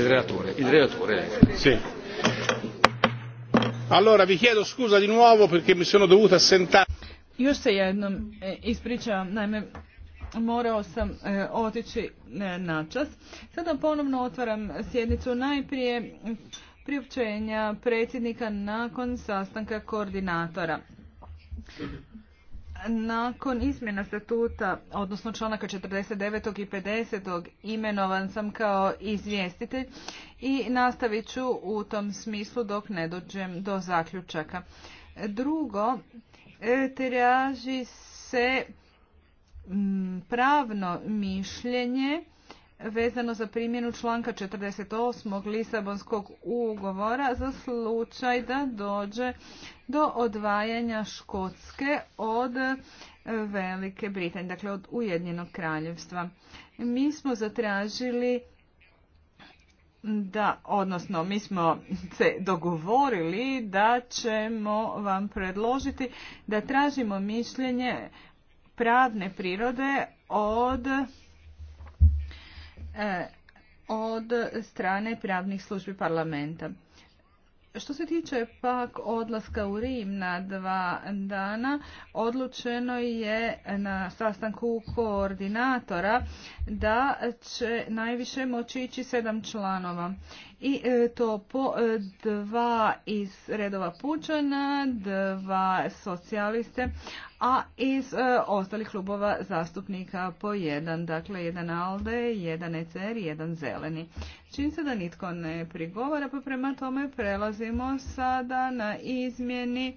il Sì. Allora vi chiedo scusa di nuovo perché mi sono dovuto assentare. Još se jednom e, ispričavam, naime morao sam e, otići e, na čas. Sada ponovno otvaram sjednicu najprije priopćenja predsjednika nakon sastanka koordinatora. Nakon izmjena statuta, odnosno članaka 49. i 50. imenovan sam kao izvjestitelj i nastavit ću u tom smislu dok ne dođem do zaključaka. Drugo, e, traži se pravno mišljenje vezano za primjenu članka 48. Lisabonskog ugovora za slučaj da dođe do odvajanja Škotske od Velike Britanije, dakle od Ujedinjenog kraljevstva. Mi smo zatražili da, odnosno mi smo se dogovorili da ćemo vam predložiti da tražimo mišljenje pravne prirode od E, od strane pravnih službi parlamenta. Što se tiče pak odlaska u Rim na dva dana, odlučeno je na sastanku koordinatora da će najviše moći ići sedam članova i e, to po e, dva iz redova pučana, dva socijaliste, a iz e, ostalih klubova zastupnika po jedan, dakle jedan ALDE, jedan ECR, jedan zeleni. Čim se da nitko ne prigovara, pa prema tome prelazimo sada na izmjeni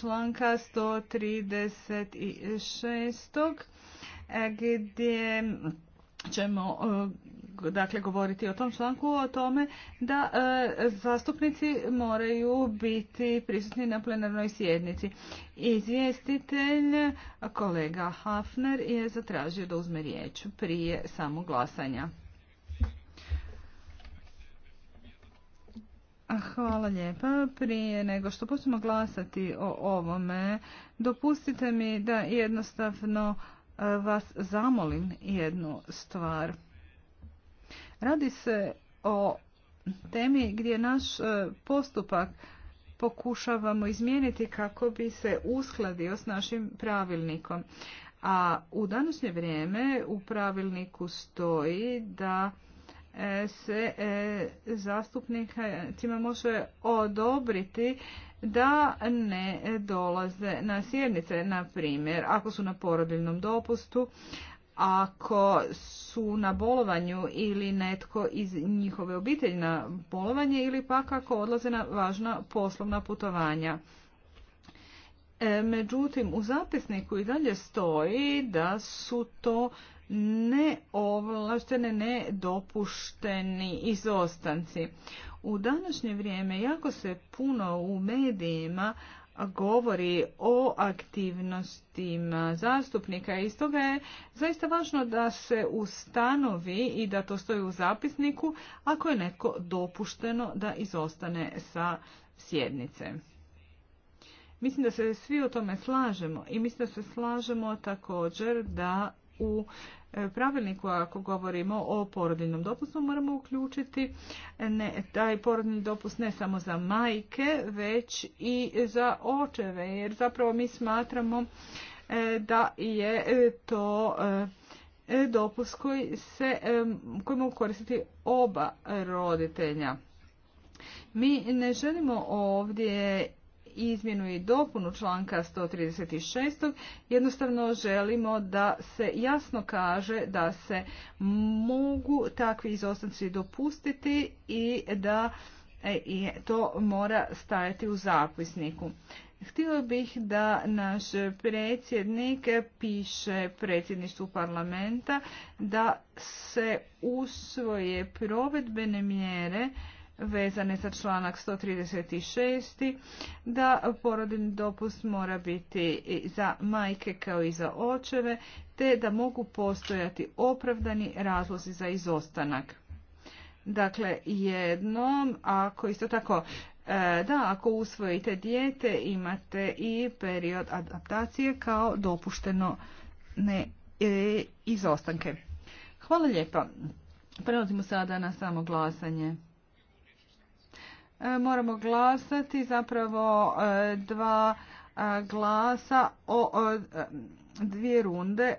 članka 136. gdje ćemo dakle govoriti o tom članku o tome da e, zastupnici moraju biti prisutni na plenarnoj sjednici. Izvjestitelj kolega Hafner je zatražio da uzme riječ prije samog glasanja. Hvala lijepa. Prije nego što počnemo glasati o ovome, dopustite mi da jednostavno e, vas zamolim jednu stvar. Radi se o temi gdje naš e, postupak pokušavamo izmijeniti kako bi se uskladio s našim pravilnikom. A u današnje vrijeme u pravilniku stoji da e, se e, zastupnicima može odobriti da ne dolaze na sjednice, na primjer, ako su na porodiljnom dopustu, ako su na bolovanju ili netko iz njihove obitelji na bolovanje ili pak ako odlaze na važna poslovna putovanja. E, međutim, u zapisniku i dalje stoji da su to neovlaštene, nedopušteni izostanci. U današnje vrijeme jako se puno u medijima govori o aktivnostima zastupnika i stoga je zaista važno da se ustanovi i da to stoji u zapisniku ako je neko dopušteno da izostane sa sjednice. Mislim da se svi o tome slažemo i mislim da se slažemo također da u e, pravilniku, ako govorimo o porodiljnom dopustu, moramo uključiti ne, taj porodiljni dopust ne samo za majke, već i za očeve, jer zapravo mi smatramo e, da je e, to dopust koji se, mogu koristiti oba roditelja. Mi ne želimo ovdje izmjenu i dopunu članka 136. Jednostavno želimo da se jasno kaže da se mogu takvi izostanci dopustiti i da e, i to mora stajati u zapisniku. Htio bih da naš predsjednik piše predsjedništvu parlamenta da se usvoje provedbene mjere vezane za članak 136. da porodin dopust mora biti za majke kao i za očeve, te da mogu postojati opravdani razlozi za izostanak. Dakle, jednom, ako isto tako, e, da, ako usvojite dijete, imate i period adaptacije kao dopušteno ne, e, izostanke. Hvala lijepa. Prelazimo sada na samo glasanje. E, moramo glasati zapravo e, dva e, glasa o dvije runde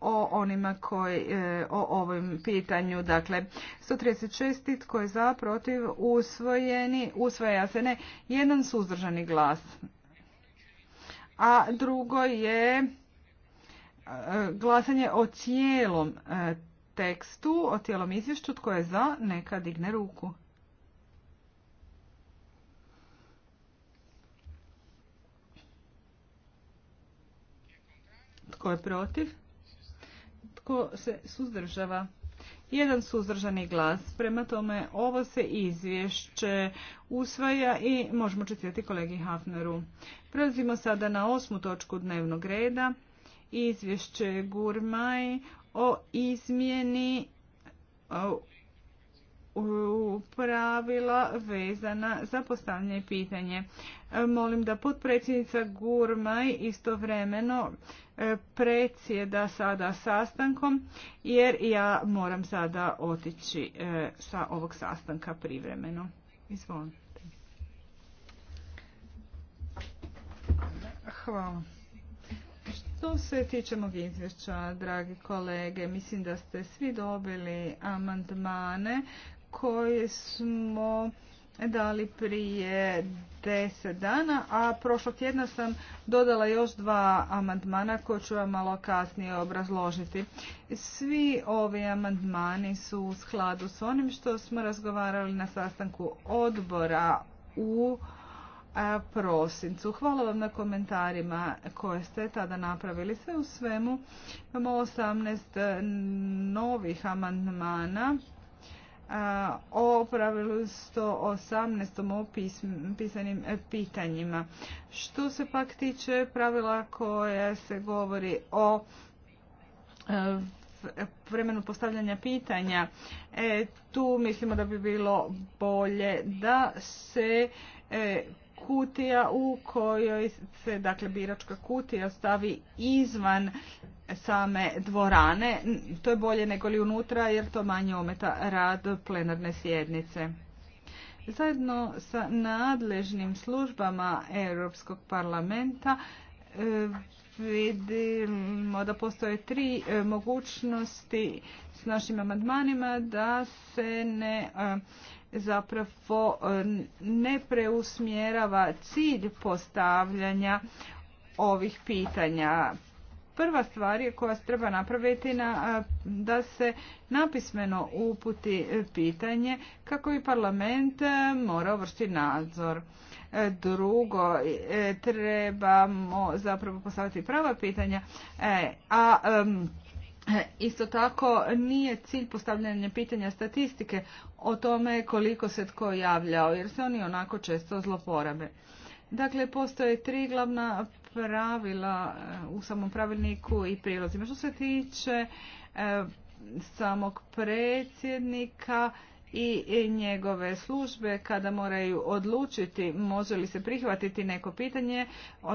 o onima koji o ovom pitanju. Dakle, 136. tko je za, protiv, usvojeni, usvaja se ne, jedan suzdržani glas. A drugo je glasanje o cijelom tekstu, o cijelom izvješću, tko je za, neka digne ruku. Tko je protiv? Tko se suzdržava? Jedan suzdržani glas. Prema tome, ovo se izvješće usvaja i možemo čitati kolegi Hafneru. Prelazimo sada na osmu točku dnevnog reda. Izvješće Gurmaj o izmjeni pravila vezana za postavljanje pitanje. E, molim da potpredsjednica Gurmaj istovremeno E, predsjeda sada sastankom jer ja moram sada otići e, sa ovog sastanka privremeno. Izvolite. Hvala. Što se tiče mog izvješća, dragi kolege, mislim da ste svi dobili amandmane koje smo dali prije deset dana, a prošlog tjedna sam dodala još dva amandmana koje ću vam malo kasnije obrazložiti. Svi ovi amandmani su u skladu s onim što smo razgovarali na sastanku odbora u prosincu. Hvala vam na komentarima koje ste tada napravili. Sve u svemu imamo 18 novih amandmana o pravilu 118. o pisanim e, pitanjima. Što se pak tiče pravila koja se govori o e, vremenu postavljanja pitanja, e, tu mislimo da bi bilo bolje da se kutija u kojoj se dakle biračka kutija stavi izvan same dvorane. To je bolje nego li unutra jer to manje ometa rad plenarne sjednice. Zajedno sa nadležnim službama Europskog parlamenta e, vidimo da postoje tri e, mogućnosti s našim amandmanima da se ne e, zapravo e, ne preusmjerava cilj postavljanja ovih pitanja. Prva stvar je koja se treba napraviti na, e, da se napismeno uputi e, pitanje kako i parlament mora vršiti nadzor. Drugo, trebamo zapravo postaviti prava pitanja, a E, isto tako nije cilj postavljanje pitanja statistike o tome koliko se tko javljao, jer se oni onako često zloporabe. Dakle, postoje tri glavna pravila e, u samom pravilniku i prilozima. Što se tiče e, samog predsjednika, i njegove službe kada moraju odlučiti može li se prihvatiti neko pitanje,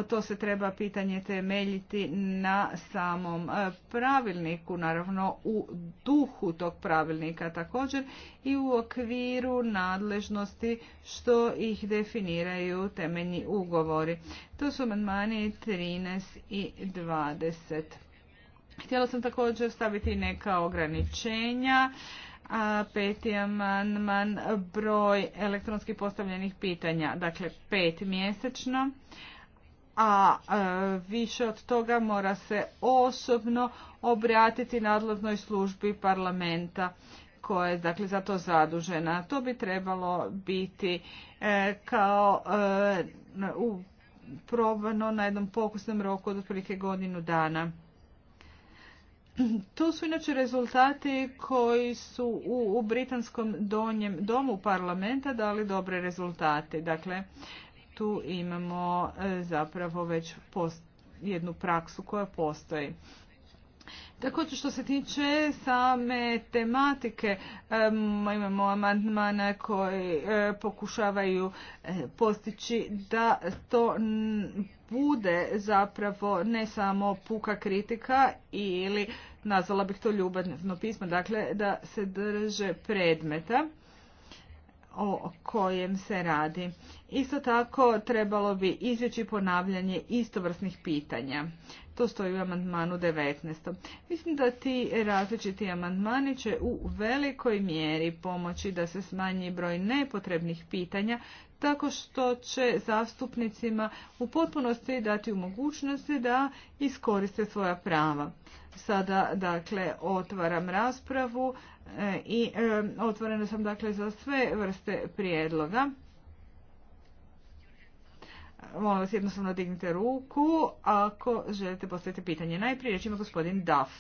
to se treba pitanje temeljiti na samom e, pravilniku, naravno u duhu tog pravilnika također i u okviru nadležnosti što ih definiraju temeljni ugovori. To su amandmani 13 i 20. Htjela sam također staviti neka ograničenja a peti amandman broj elektronski postavljenih pitanja, dakle pet mjesečno, a e, više od toga mora se osobno obratiti nadležnoj službi parlamenta koja je dakle za to zadužena. To bi trebalo biti e, kao e, probano na jednom pokusnom roku od otprilike godinu dana. To su inače rezultati koji su u, britanskom donjem domu parlamenta dali dobre rezultate. Dakle, tu imamo e, zapravo već jednu praksu koja postoji. Također što se tiče same tematike, e, imamo amandmana koji e, pokušavaju postići da to bude zapravo ne samo puka kritika ili nazvala bih to ljubavno pismo, dakle da se drže predmeta o kojem se radi. Isto tako trebalo bi izvjeći ponavljanje istovrsnih pitanja. To stoji u amandmanu 19. Mislim da ti različiti amandmani će u velikoj mjeri pomoći da se smanji broj nepotrebnih pitanja tako što će zastupnicima u potpunosti dati u mogućnosti da iskoriste svoja prava. Sada dakle otvaram raspravu. E, i e, otvorena sam dakle za sve vrste prijedloga. Molim vas jednostavno dignite ruku ako želite postaviti pitanje. Najprije riječ ima gospodin Duff.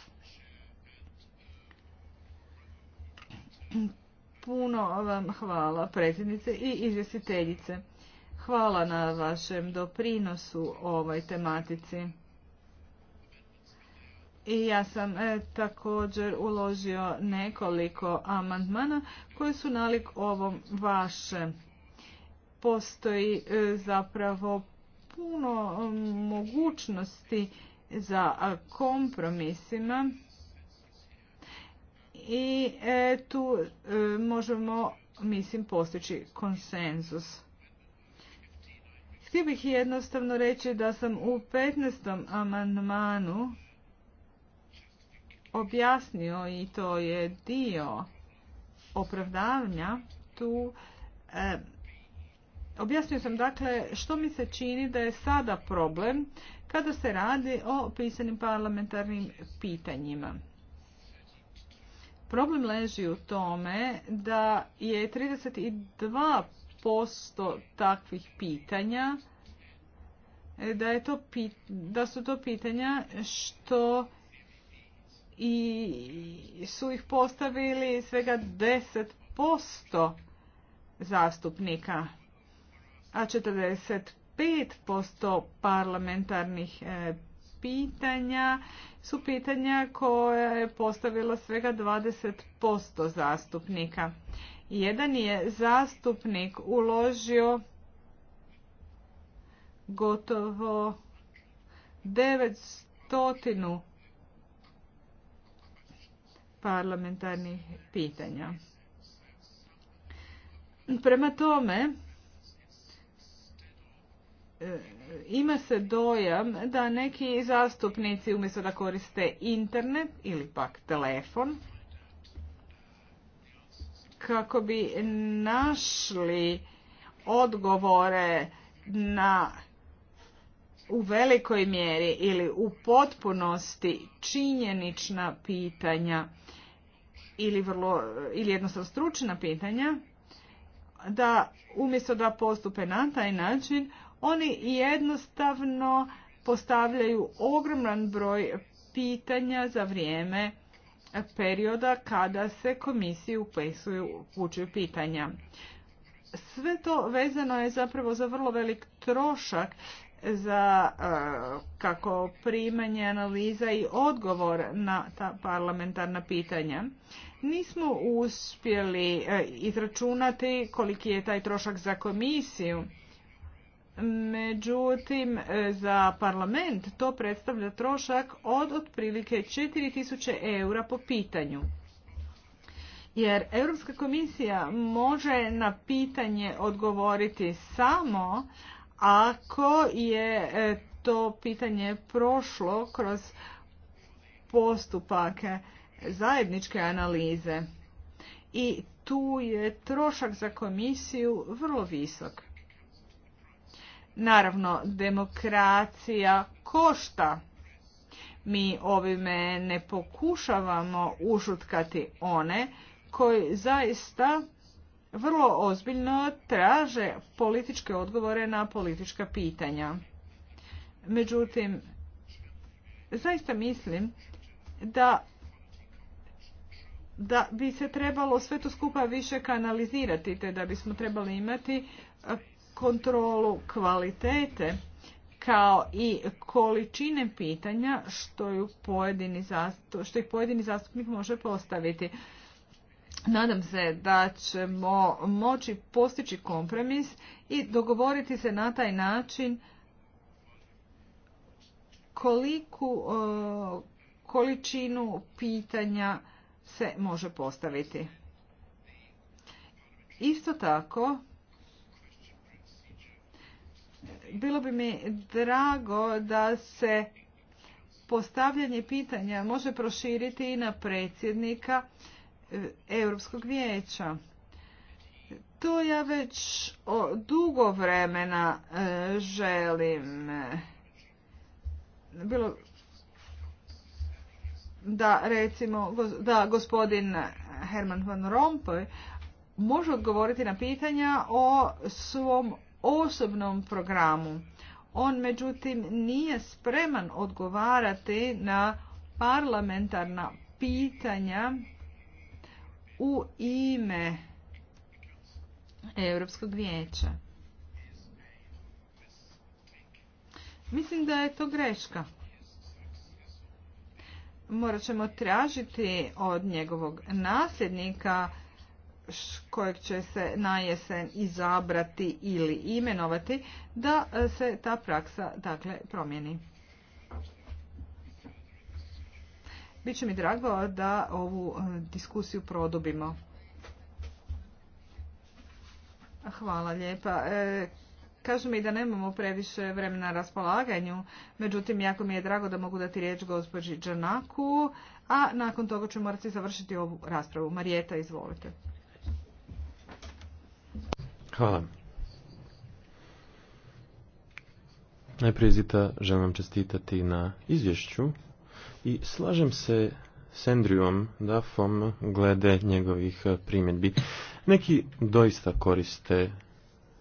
Puno vam hvala predsjednice i izvjestiteljice. Hvala na vašem doprinosu ovoj tematici. I ja sam e, također uložio nekoliko amandmana koji su nalik ovom vašem. Postoji e, zapravo puno mogućnosti za kompromisima i e, tu možemo, mislim, postići konsenzus. Htio bih jednostavno reći da sam u 15. amandmanu objasnio i to je dio opravdavanja tu e, objasnio sam dakle što mi se čini da je sada problem kada se radi o pisanim parlamentarnim pitanjima. Problem leži u tome da je 32% takvih pitanja e, da, je to, da su to pitanja što i su ih postavili svega 10% zastupnika, a 45% parlamentarnih e, pitanja su pitanja koje je postavilo svega 20% zastupnika. Jedan je zastupnik uložio gotovo 900 parlamentarnih pitanja. Prema tome, e, ima se dojam da neki zastupnici umjesto da koriste internet ili pak telefon kako bi našli odgovore na u velikoj mjeri ili u potpunosti činjenična pitanja ili, vrlo, eh, ili jednostavno stručna pitanja, da umjesto da postupe na taj način, oni jednostavno postavljaju ogroman broj pitanja za vrijeme perioda kada se komisiji upisuju upućuju pitanja. Sve to vezano je zapravo za vrlo velik trošak za e, kako primanje analiza i odgovor na ta parlamentarna pitanja. Nismo uspjeli e, izračunati koliki je taj trošak za komisiju. Međutim, e, za parlament to predstavlja trošak od otprilike 4000 eura po pitanju. Jer Europska komisija može na pitanje odgovoriti samo ako je e, to pitanje prošlo kroz postupake zajedničke analize. I tu je trošak za komisiju vrlo visok. Naravno, demokracija košta. Mi ovime ne pokušavamo ušutkati one koji zaista vrlo ozbiljno traže političke odgovore na politička pitanja. Međutim, zaista mislim da da bi se trebalo sve to skupa više kanalizirati, te da bismo trebali imati e, kontrolu kvalitete kao i količine pitanja što, što ih pojedini zastupnik može postaviti. Nadam se da ćemo moći postići kompromis i dogovoriti se na taj način koliku e, količinu pitanja se može postaviti. Isto tako, bilo bi mi drago da se postavljanje pitanja može proširiti i na predsjednika E, Europskog vijeća. To ja već dugo vremena e, želim bilo da recimo da gospodin Herman van Rompuy može odgovoriti na pitanja o svom osobnom programu. On međutim nije spreman odgovarati na parlamentarna pitanja u ime Europskog vijeća. Mislim da je to greška. Morat ćemo tražiti od njegovog nasljednika kojeg će se na jesen izabrati ili imenovati da se ta praksa dakle promijeni. Biće mi drago da ovu e, diskusiju prodobimo. Hvala lijepa. E, kažu mi da nemamo previše vremena na raspolaganju, međutim jako mi je drago da mogu dati riječ gospođi Đanaku, a nakon toga ću morati završiti ovu raspravu. Marijeta, izvolite. Hvala. Najprije Zita želim vam čestitati na izvješću i slažem se s Andrewom Duffom glede njegovih e, primjedbi. Neki doista koriste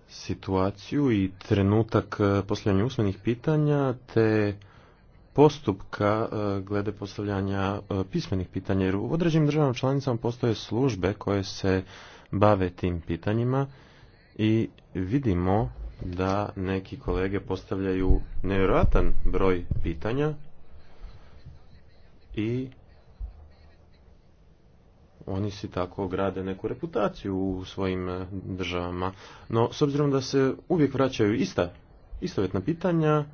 situaciju i trenutak e, postavljanja usmenih pitanja te postupka e, glede postavljanja pismenih pitanja. Jer u određenim državama članicama postoje službe koje se bave tim pitanjima i vidimo da neki kolege postavljaju nevjerojatan broj pitanja i oni si tako grade neku reputaciju u svojim e, državama. No, s obzirom da se uvijek vraćaju ista, istovjetna pitanja,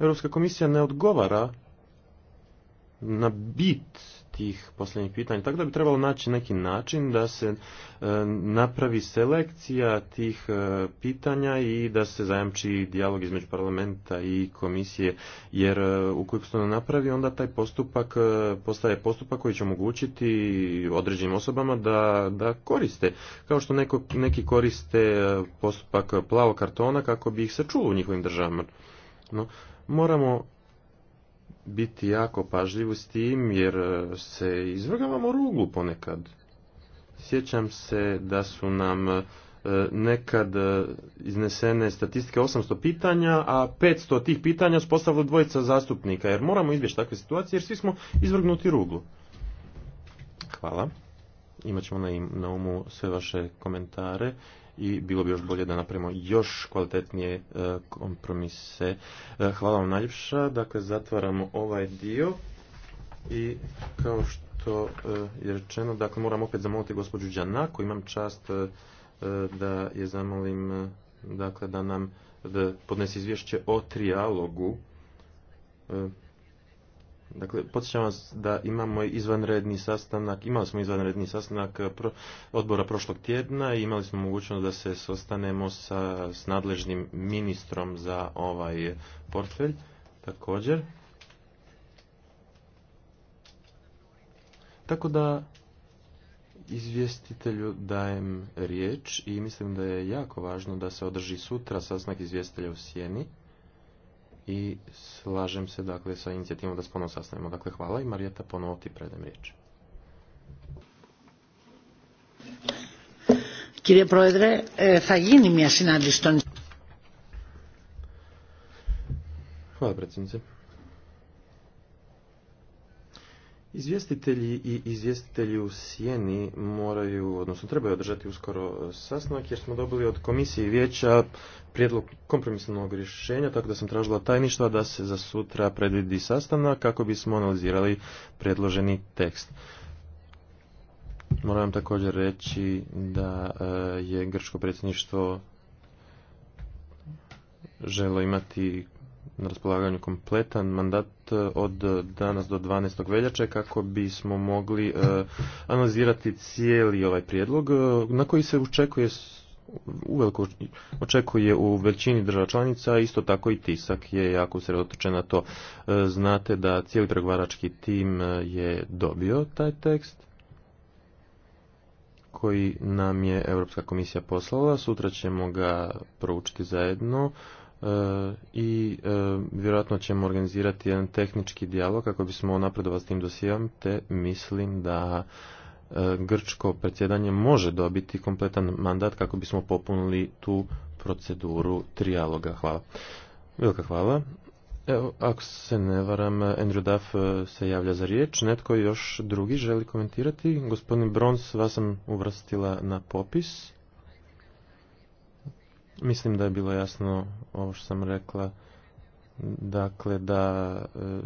Europska komisija ne odgovara na bit tih posljednjih pitanja. Tako da bi trebalo naći neki način da se e, napravi selekcija tih e, pitanja i da se zajamči dijalog između parlamenta i komisije. Jer e, ukoliko se to napravi, onda taj postupak postaje postupak koji će omogućiti određenim osobama da, da koriste. Kao što neko, neki koriste postupak plavog kartona kako bi ih se čulo u njihovim državama. No, moramo biti jako pažljivi s tim jer e, se izvrgavamo ruglu ponekad. Sjećam se da su nam e, nekad e, iznesene statistike 800 pitanja, a 500 tih pitanja spostavili dvojica zastupnika, jer moramo izbjeći takve situacije, jer svi smo izvrgnuti ruglu. Hvala. Imaćemo na, na umu sve vaše komentare i bilo bi još bolje da napravimo još kvalitetnije e, kompromise. E, hvala vam najljepša, dakle zatvaramo ovaj dio i kao što e, je rečeno, dakle moram opet zamoliti gospođu Đanako. imam čast da je zamolim dakle da nam da podnese izvješće o trijalogu Dakle, podsjećam vas da imamo izvanredni sastanak, imali smo izvanredni sastanak eh, odbora prošlog tjedna i imali smo mogućnost da se sastanemo sa, s nadležnim ministrom za ovaj portfelj također. Tako da izvjestitelju dajem riječ i mislim da je jako važno da se održi sutra sastanak izvjestitelja u Sjeni i slažem se dakle sa inicijativom da se ponovno sastavimo. Dakle, hvala i Marijeta ponovo ti predajem riječ. Kirje Proedre, θα γίνει μια Hvala predsjednice. Izvjestitelji i izvjestitelji u Sjeni moraju, odnosno trebaju održati uskoro e, sastanak jer smo dobili od komisije i vijeća prijedlog kompromisnog rješenja, tako da sam tražila tajništva da se za sutra predvidi sastanak kako bismo analizirali predloženi tekst. Moram također reći da e, je grčko predsjedništvo želo imati na raspolaganju kompletan mandat eh, od danas do 12. veljače kako bismo mogli eh, analizirati cijeli ovaj prijedlog eh, na koji se očekuje uveliko očekuje u većini država članica, isto tako i tisak je jako usredotočen na to. Znate da cijeli pregovarački tim je dobio taj tekst koji nam je Europska komisija poslala. Sutra ćemo ga proučiti zajedno i e, vjerojatno ćemo organizirati jedan tehnički dijalog kako bismo napredovali s tim dosijom, te mislim da e, grčko predsjedanje može dobiti kompletan mandat kako bismo popunili tu proceduru trijaloga. Hvala. Velika hvala. Evo, ako se ne varam, Andrew Duff e, se javlja za riječ. Netko još drugi želi komentirati. Gospodin Brons, vas sam uvrstila na popis. Mislim da je bilo jasno ovo što sam rekla. Dakle, da... E,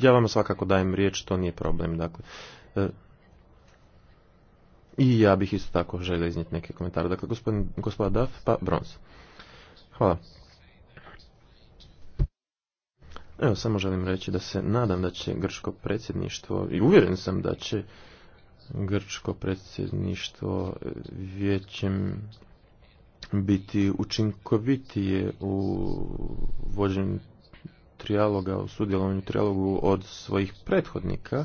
ja vam svakako dajem riječ, to nije problem. Dakle, e, I ja bih isto tako želio iznijeti neke komentare. Dakle, gospodin, gospoda pa Brons. Hvala. Evo, samo želim reći da se nadam da će grčko predsjedništvo, i uvjeren sam da će grčko predsjedništvo e, vijećem biti učinkovitije u vođenju trijaloga, u sudjelovanju trijalogu od svojih prethodnika.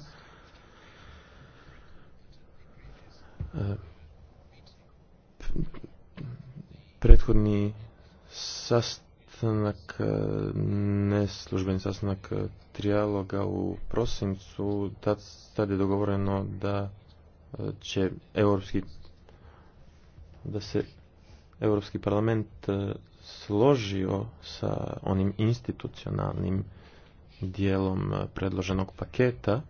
E, prethodni sastanak, e, neslužbeni sastanak trijaloga u prosincu, tad, je dogovoreno da e, će europski da se Europski parlament e, složio sa onim institucionalnim dijelom e, predloženog paketa.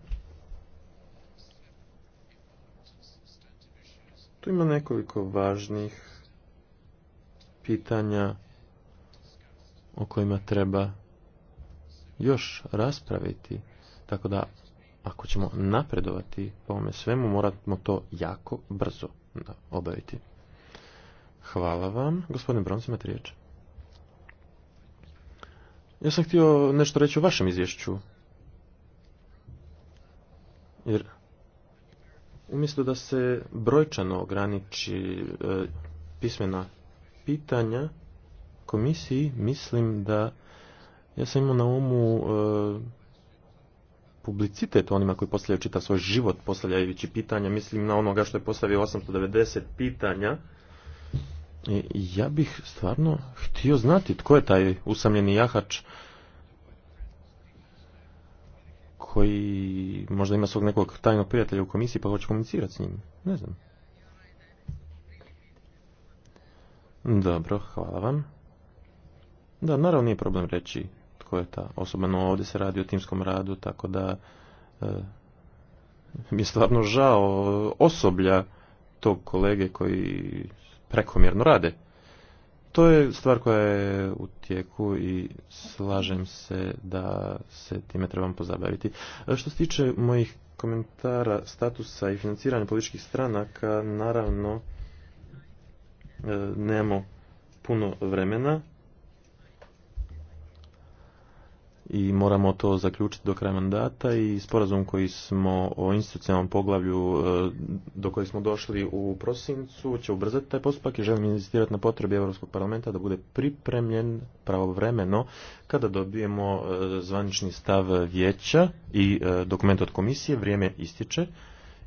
Tu ima nekoliko važnih pitanja o kojima treba još raspraviti. Tako da, ako ćemo napredovati po ovome svemu, moramo to jako brzo obaviti. Hvala vam. Gospodin Brons, imate riječ. Ja sam htio nešto reći o vašem izvješću. Jer umjesto da se brojčano ograniči e, pismena pitanja komisiji, mislim da ja sam imao na umu e, publicitet onima koji postavljaju čitav svoj život postavljajući pitanja. Mislim na onoga što je postavio 890 pitanja E, ja bih stvarno htio znati tko je taj usamljeni jahač koji možda ima svog nekog tajnog prijatelja u komisiji pa hoće komunicirati s njim. Ne znam. Dobro, hvala vam. Da, naravno nije problem reći tko je ta osoba, no ovdje se radi o timskom radu, tako da e, mi je stvarno žao osoblja tog kolege koji prekomjerno rade. To je stvar koja je u tijeku i slažem se da se time trebam pozabaviti. Što se tiče mojih komentara, statusa i financiranja političkih stranaka, naravno e, nemamo puno vremena i moramo to zaključiti do kraja mandata i sporazum koji smo o institucionalnom poglavlju e, do kojeg smo došli u prosincu će ubrzati taj postupak i želim inzistirati na potrebi Europskog parlamenta da bude pripremljen pravovremeno kada dobijemo e, zvanični stav vijeća i e, dokument od komisije, vrijeme ističe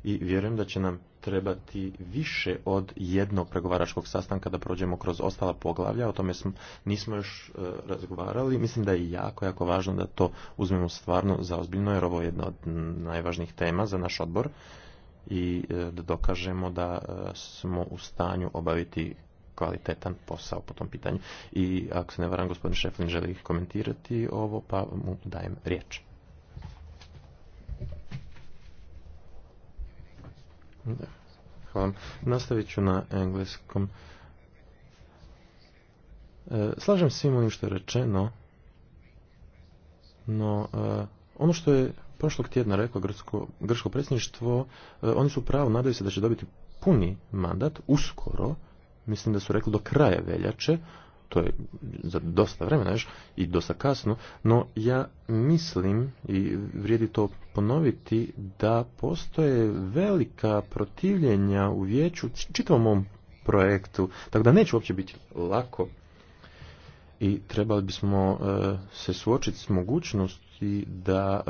i vjerujem da će nam trebati više od jednog pregovaračkog sastanka da prođemo kroz ostala poglavlja, o tome smo, nismo još e, razgovarali. Mislim da je jako, jako važno da to uzmemo stvarno za ozbiljno, jer ovo je jedna od najvažnijih tema za naš odbor i e, da dokažemo da e, smo u stanju obaviti kvalitetan posao po tom pitanju. I ako se ne varam, gospodin Šeflin želi komentirati ovo, pa mu dajem riječ. Hvala. Nastavit ću na engleskom. E, slažem se svim onim što je rečeno, no e, ono što je prošlog tjedna reklo grčko, predsjedništvo, e, oni su pravo, nadaju se da će dobiti puni mandat uskoro, mislim da su rekli do kraja veljače, to je za dosta vremena još i dosta kasno, no ja mislim i vrijedi to ponoviti da postoje velika protivljenja u vijeću čitavom ovom projektu, tako da neće uopće biti lako i trebali bismo e, se suočiti s mogućnosti da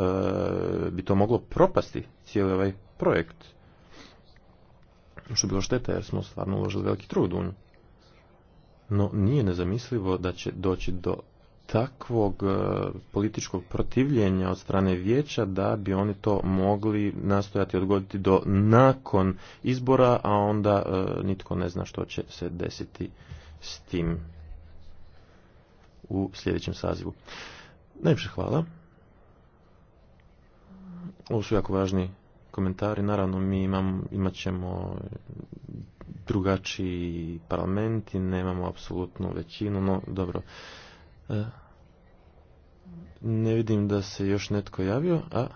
e, bi to moglo propasti cijeli ovaj projekt. Što je bilo šteta jer smo stvarno uložili veliki trud u nju no nije nezamislivo da će doći do takvog e, političkog protivljenja od strane vijeća da bi oni to mogli nastojati odgoditi do nakon izbora, a onda e, nitko ne zna što će se desiti s tim u sljedećem sazivu. Najviše hvala. Ovo su jako važni komentari. Naravno, mi imam, imat ćemo drugačiji parlament i nemamo apsolutnu većinu, no dobro. E, ne vidim da se još netko javio, a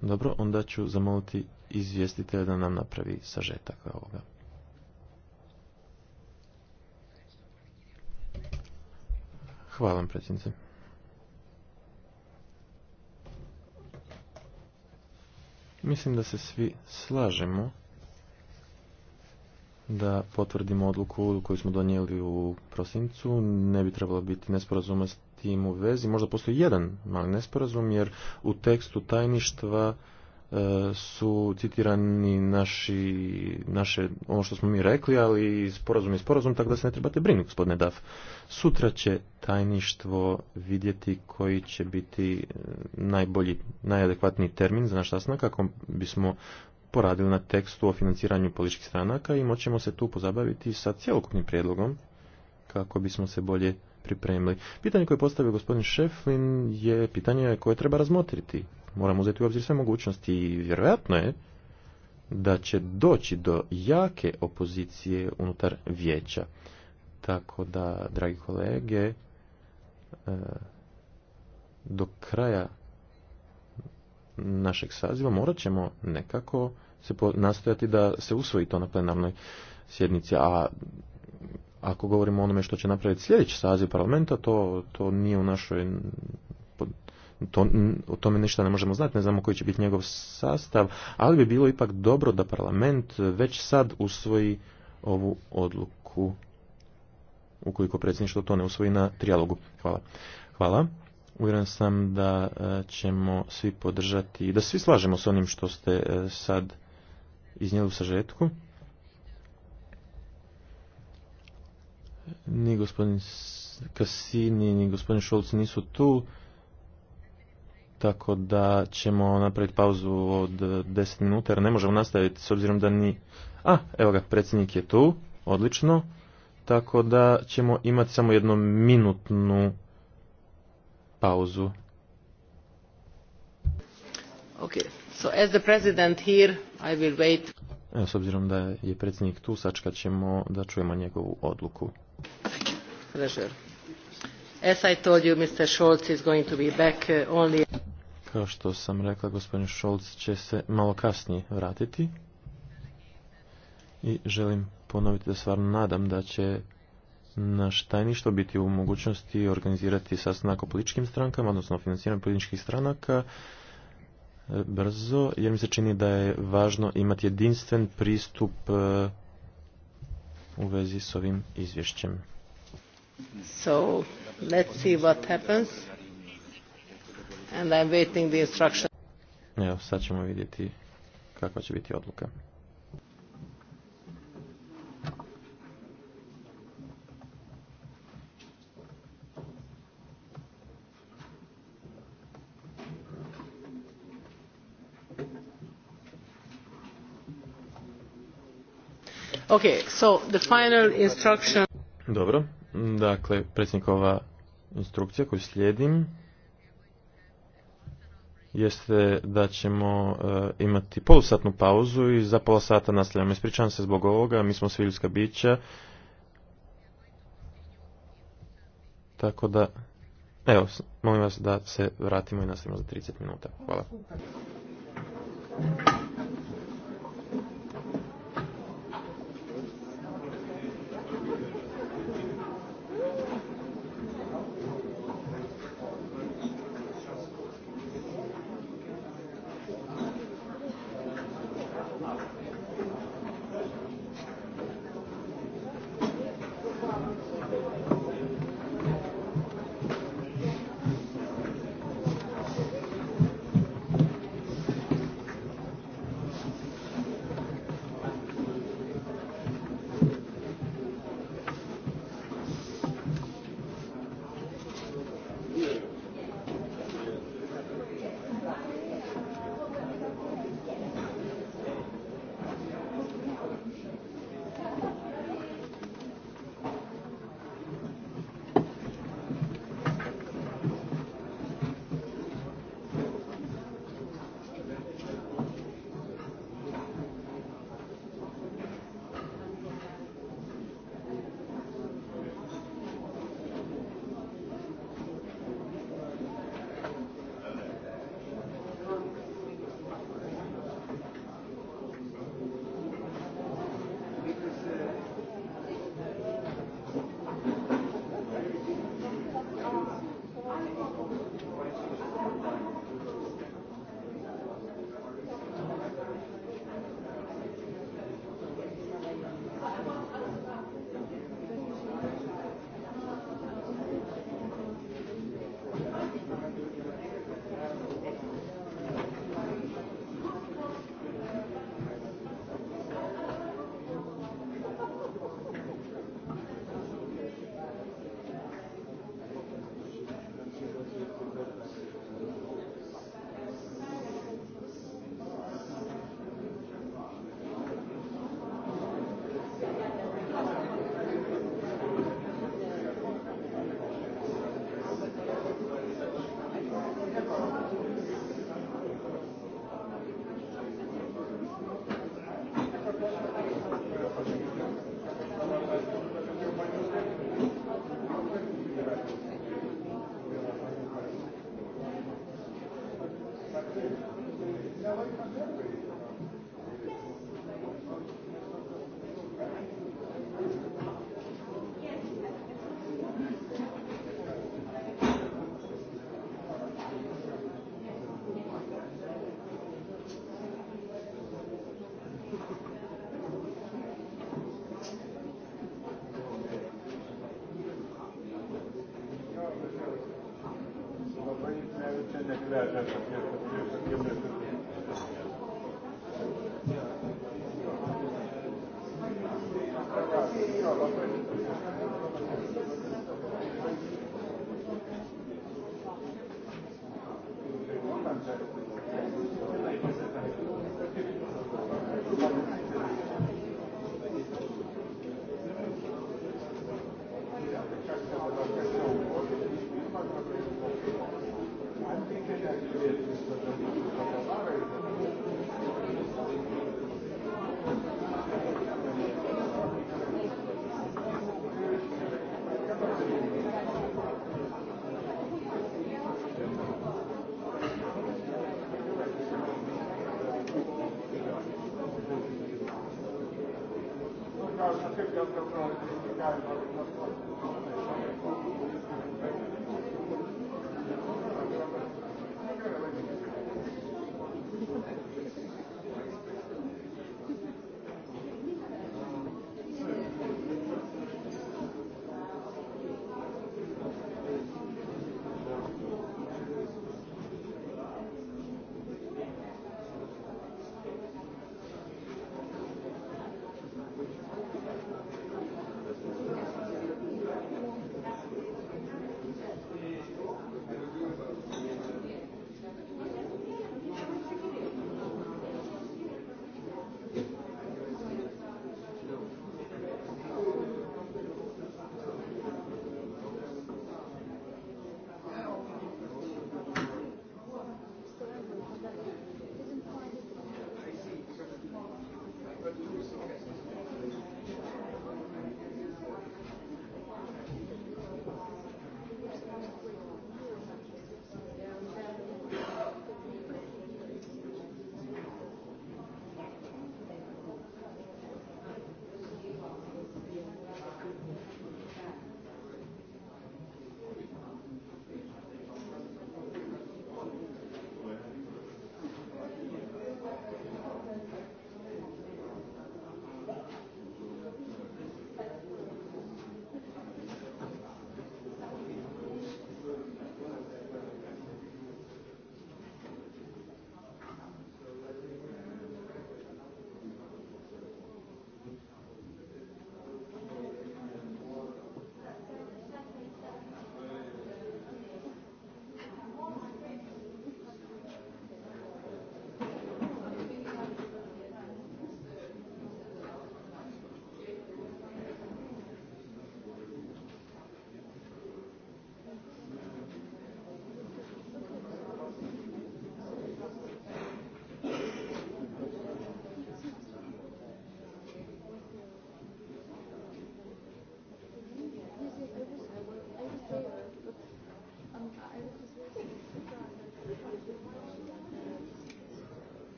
dobro, onda ću zamoliti izvjestitelja da nam napravi sažetak ovoga. Hvala predsjednice. Mislim da se svi slažemo da potvrdimo odluku koju smo donijeli u prosincu. Ne bi trebalo biti nesporazuma s tim u vezi. Možda postoji jedan mali nesporazum jer u tekstu tajništva e, su citirani naši, naše, ono što smo mi rekli, ali sporazum je sporazum, tako da se ne trebate brinuti, gospodine Daf. Sutra će tajništvo vidjeti koji će biti e, najbolji, najadekvatniji termin za naš sastanak, kako bismo poradili na tekstu o financiranju političkih stranaka i moćemo se tu pozabaviti sa cjelokupnim prijedlogom kako bismo se bolje pripremili. Pitanje koje postavio gospodin Šeflin je pitanje koje treba razmotriti. Moramo uzeti u obzir sve mogućnosti i vjerojatno je da će doći do jake opozicije unutar vijeća. Tako da, dragi kolege, eh, do kraja našeg saziva morat ćemo nekako se nastojati da se usvoji to na plenarnoj sjednici, a ako govorimo o onome što će napraviti sljedeći saziv parlamenta, to, to nije u našoj to, o tome ništa ne možemo znati, ne znamo koji će biti njegov sastav, ali bi bilo ipak dobro da parlament već sad usvoji ovu odluku ukoliko predsjedništvo to ne usvoji na trijalogu. Hvala. Hvala. Uvjeren sam da e, ćemo svi podržati i da svi slažemo s onim što ste e, sad iznijeli u sažetku. Ni gospodin Kasini, ni gospodin Šolc nisu tu, tako da ćemo napraviti pauzu od 10 e, minuta, jer ne možemo nastaviti s obzirom da ni... A, evo ga, predsjednik je tu, odlično, tako da ćemo imati samo jednu minutnu pauzu. Okay. So as the president here, I will wait. Evo, s obzirom da je predsjednik tu, sačkat ćemo da čujemo njegovu odluku. Pleasure. As I told you, Mr. Scholz is going to be back uh, only... Kao što sam rekla, gospodin Scholz će se malo kasnije vratiti. I želim ponoviti da stvarno nadam da će naš tajništvo biti u mogućnosti organizirati sastanak o političkim strankama, odnosno financiranju političkih stranaka e, brzo, jer mi se čini da je važno imati jedinstven pristup e, u vezi s ovim izvješćem. So, let's see what happens. waiting the instruction. Evo, sad ćemo vidjeti kakva će biti odluka. Okay, so Dobro, dakle, ova instrukcija koju slijedim jeste da ćemo e, imati polusatnu pauzu i za pola sata nastavljamo. Ispričavam se zbog ovoga, mi smo svi ljudska bića, tako da, evo, molim vas da se vratimo i nastavimo za 30 minuta. Hvala.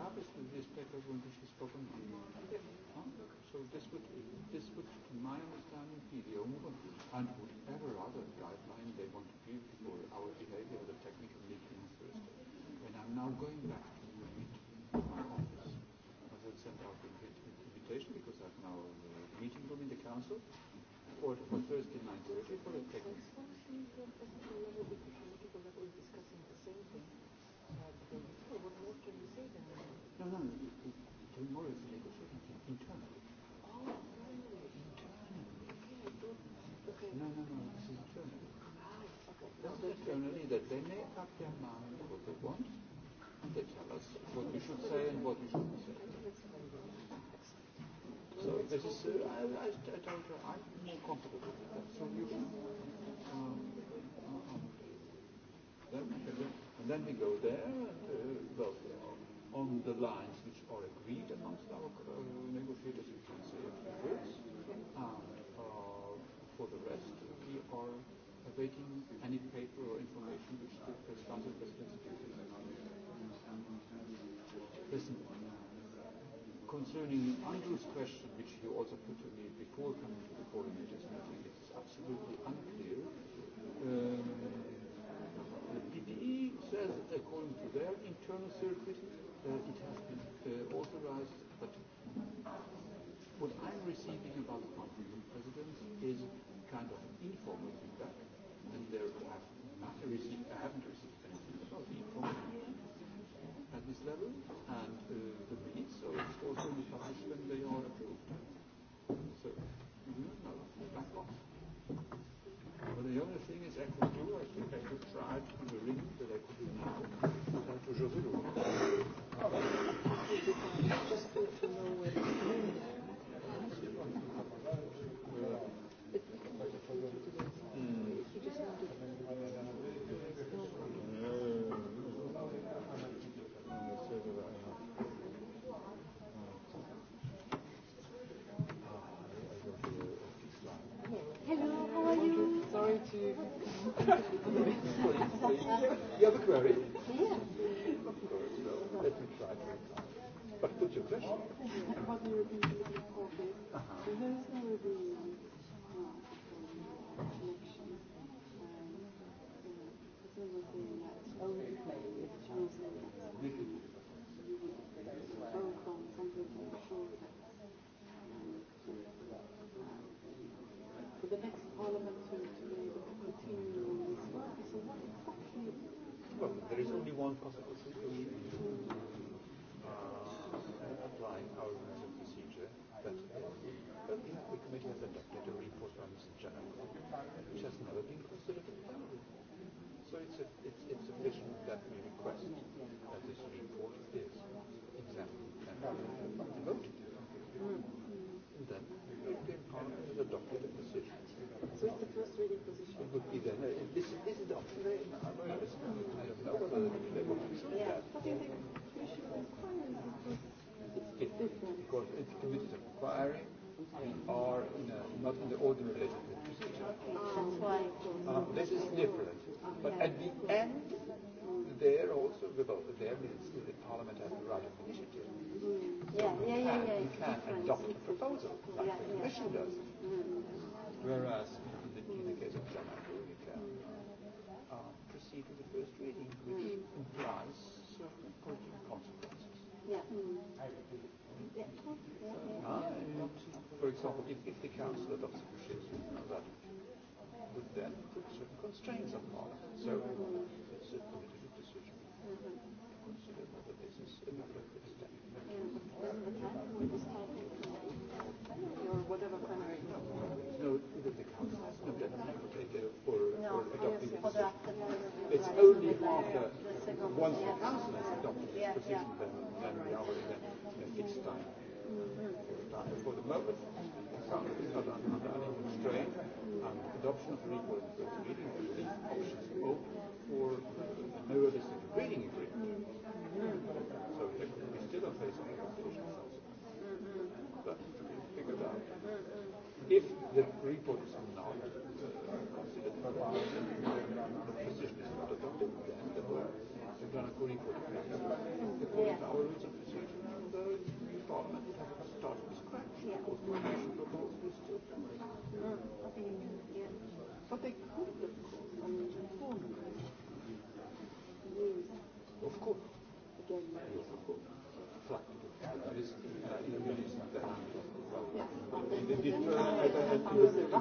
have is this paper this is spoken to you. So this would, this would, in my understanding, be the only one. And whatever other guideline they want to give for our behavior at the technical meeting on Thursday. When I'm now going back to my office, I will send out the invitation because I've now a uh, meeting room in the council for, for Thursday 9.30 for a technical more negotiating internally. internally No, no, no, externally that they make up their mind what they want and they tell us what we should say and what we shouldn't say. So this is, uh, I, I, I told her I'm more comfortable with that. So you um, then, and then we go there and, uh, well, on the lines or agreed amongst our uh, negotiators you can say a few and uh, for the rest we are awaiting any paper or information which the Wisconsin presidency Listen, concerning Andrew's question which you also put to me before coming to the coordinators meeting, it is absolutely unclear um, the PPE says that according to their internal circuit, uh, it has been uh, authorized, but what I'm receiving about the conference of presidents is kind of informal feedback, and there I have not received, I haven't received anything about the informal at this level, and uh, the minutes so it's also published when they are approved. So, no, back off. But the only thing is I could do, I think I could try to the ring that I could do now, You have a query? Let me try. example, if, if the Council adopts a position that would then put certain constraints on Parliament. So it's a political decision to consider whether this is an appropriate step. the Council has no deadline for, for adopting the position. It's only after once the Council has adopted its position then, then we are in a fixed time. For the moment, summit is not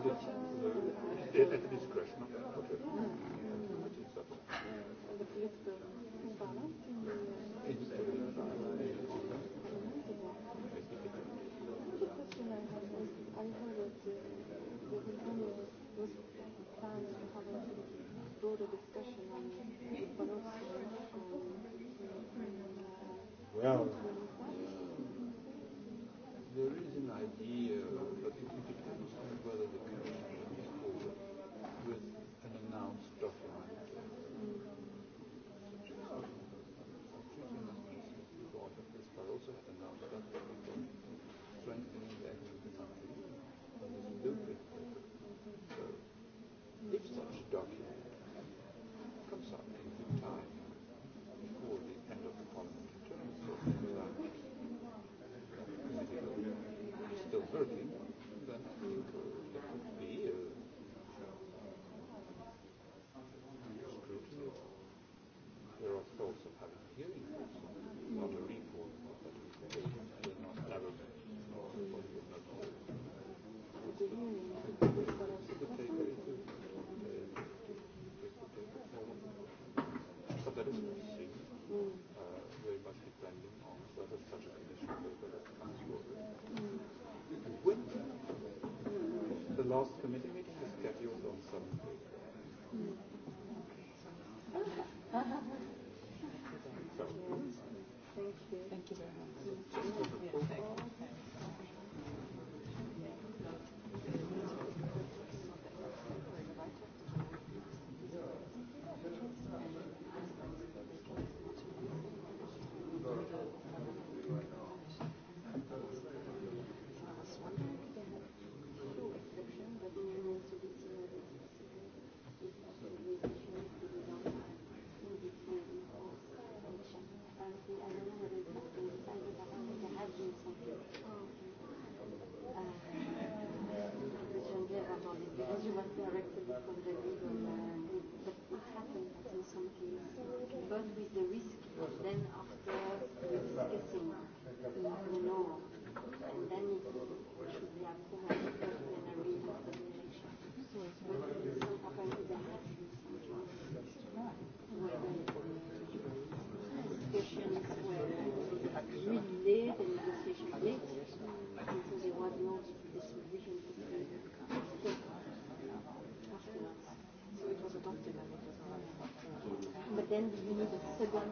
at, at discretion of Hvala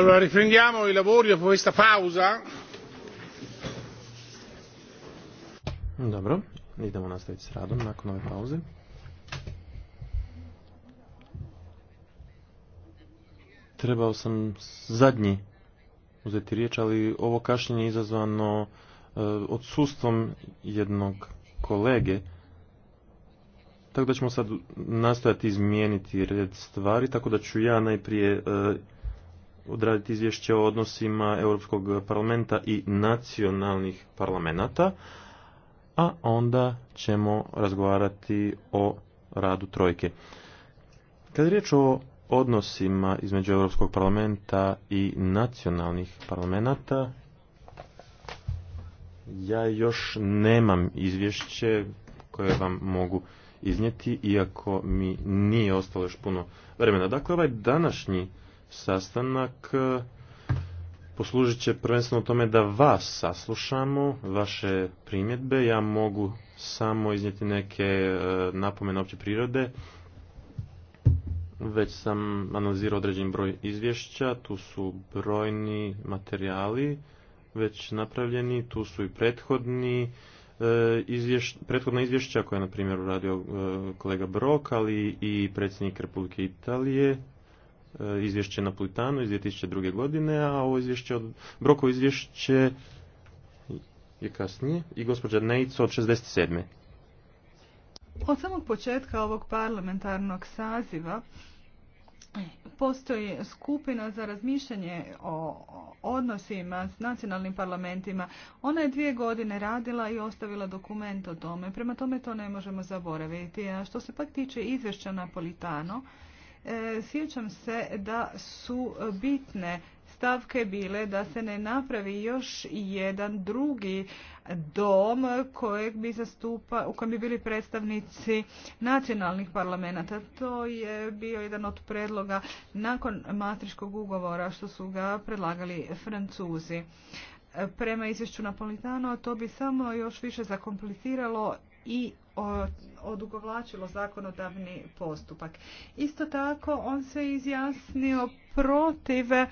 Allora riprendiamo i lavori dopo questa pausa. Dobro, idemo nastaviti s radom nakon ove pauze. Trebao sam zadnji uzeti riječ, ali ovo kašnjenje je izazvano e, odsustvom jednog kolege. Tako da ćemo sad nastojati izmijeniti red stvari, tako da ću ja najprije e, odraditi izvješće o odnosima Europskog parlamenta i nacionalnih parlamenta, a onda ćemo razgovarati o radu trojke. Kad je riječ o odnosima između Europskog parlamenta i nacionalnih parlamenta, ja još nemam izvješće koje vam mogu iznijeti, iako mi nije ostalo još puno vremena. Dakle, ovaj današnji sastanak poslužit će prvenstveno tome da vas saslušamo, vaše primjedbe. Ja mogu samo iznijeti neke e, napomene opće prirode. Već sam analizirao određen broj izvješća, tu su brojni materijali već napravljeni, tu su i prethodni e, prethodna izvješća koja je na primjer uradio e, kolega Brok, ali i predsjednik Republike Italije, E, izvješće na Plitanu iz 2002. godine, a ovo izvješće od, Broko izvješće je kasnije i gospođa Nejco od 67. Od samog početka ovog parlamentarnog saziva e, postoji skupina za razmišljanje o odnosima s nacionalnim parlamentima. Ona je dvije godine radila i ostavila dokument o tome. Prema tome to ne možemo zaboraviti. A što se pak tiče izvješća Napolitano, E, sjećam se da su bitne stavke bile da se ne napravi još jedan drugi dom kojeg bi zastupa, u kojem bi bili predstavnici nacionalnih parlamenta. To je bio jedan od predloga nakon matriškog ugovora što su ga predlagali Francuzi. E, prema izvješću Napolitano to bi samo još više zakompliciralo i odugovlačilo zakonodavni postupak. Isto tako on se izjasnio protiv e,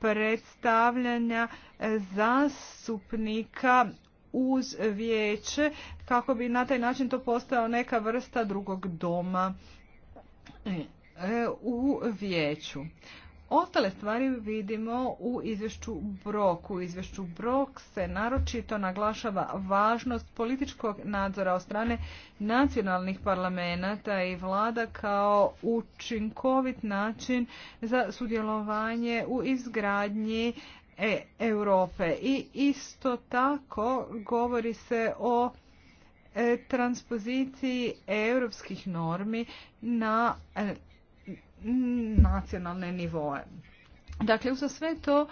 predstavljanja zastupnika uz vijeće kako bi na taj način to postao neka vrsta drugog doma e, u vijeću. Ostale stvari vidimo u izvješću Brok. U izvješću Brok se naročito naglašava važnost političkog nadzora od strane nacionalnih parlamenta i vlada kao učinkovit način za sudjelovanje u izgradnji e Europe. I isto tako govori se o e, transpoziciji europskih normi na e, nacionalne nivoe. Dakle, uz sve to,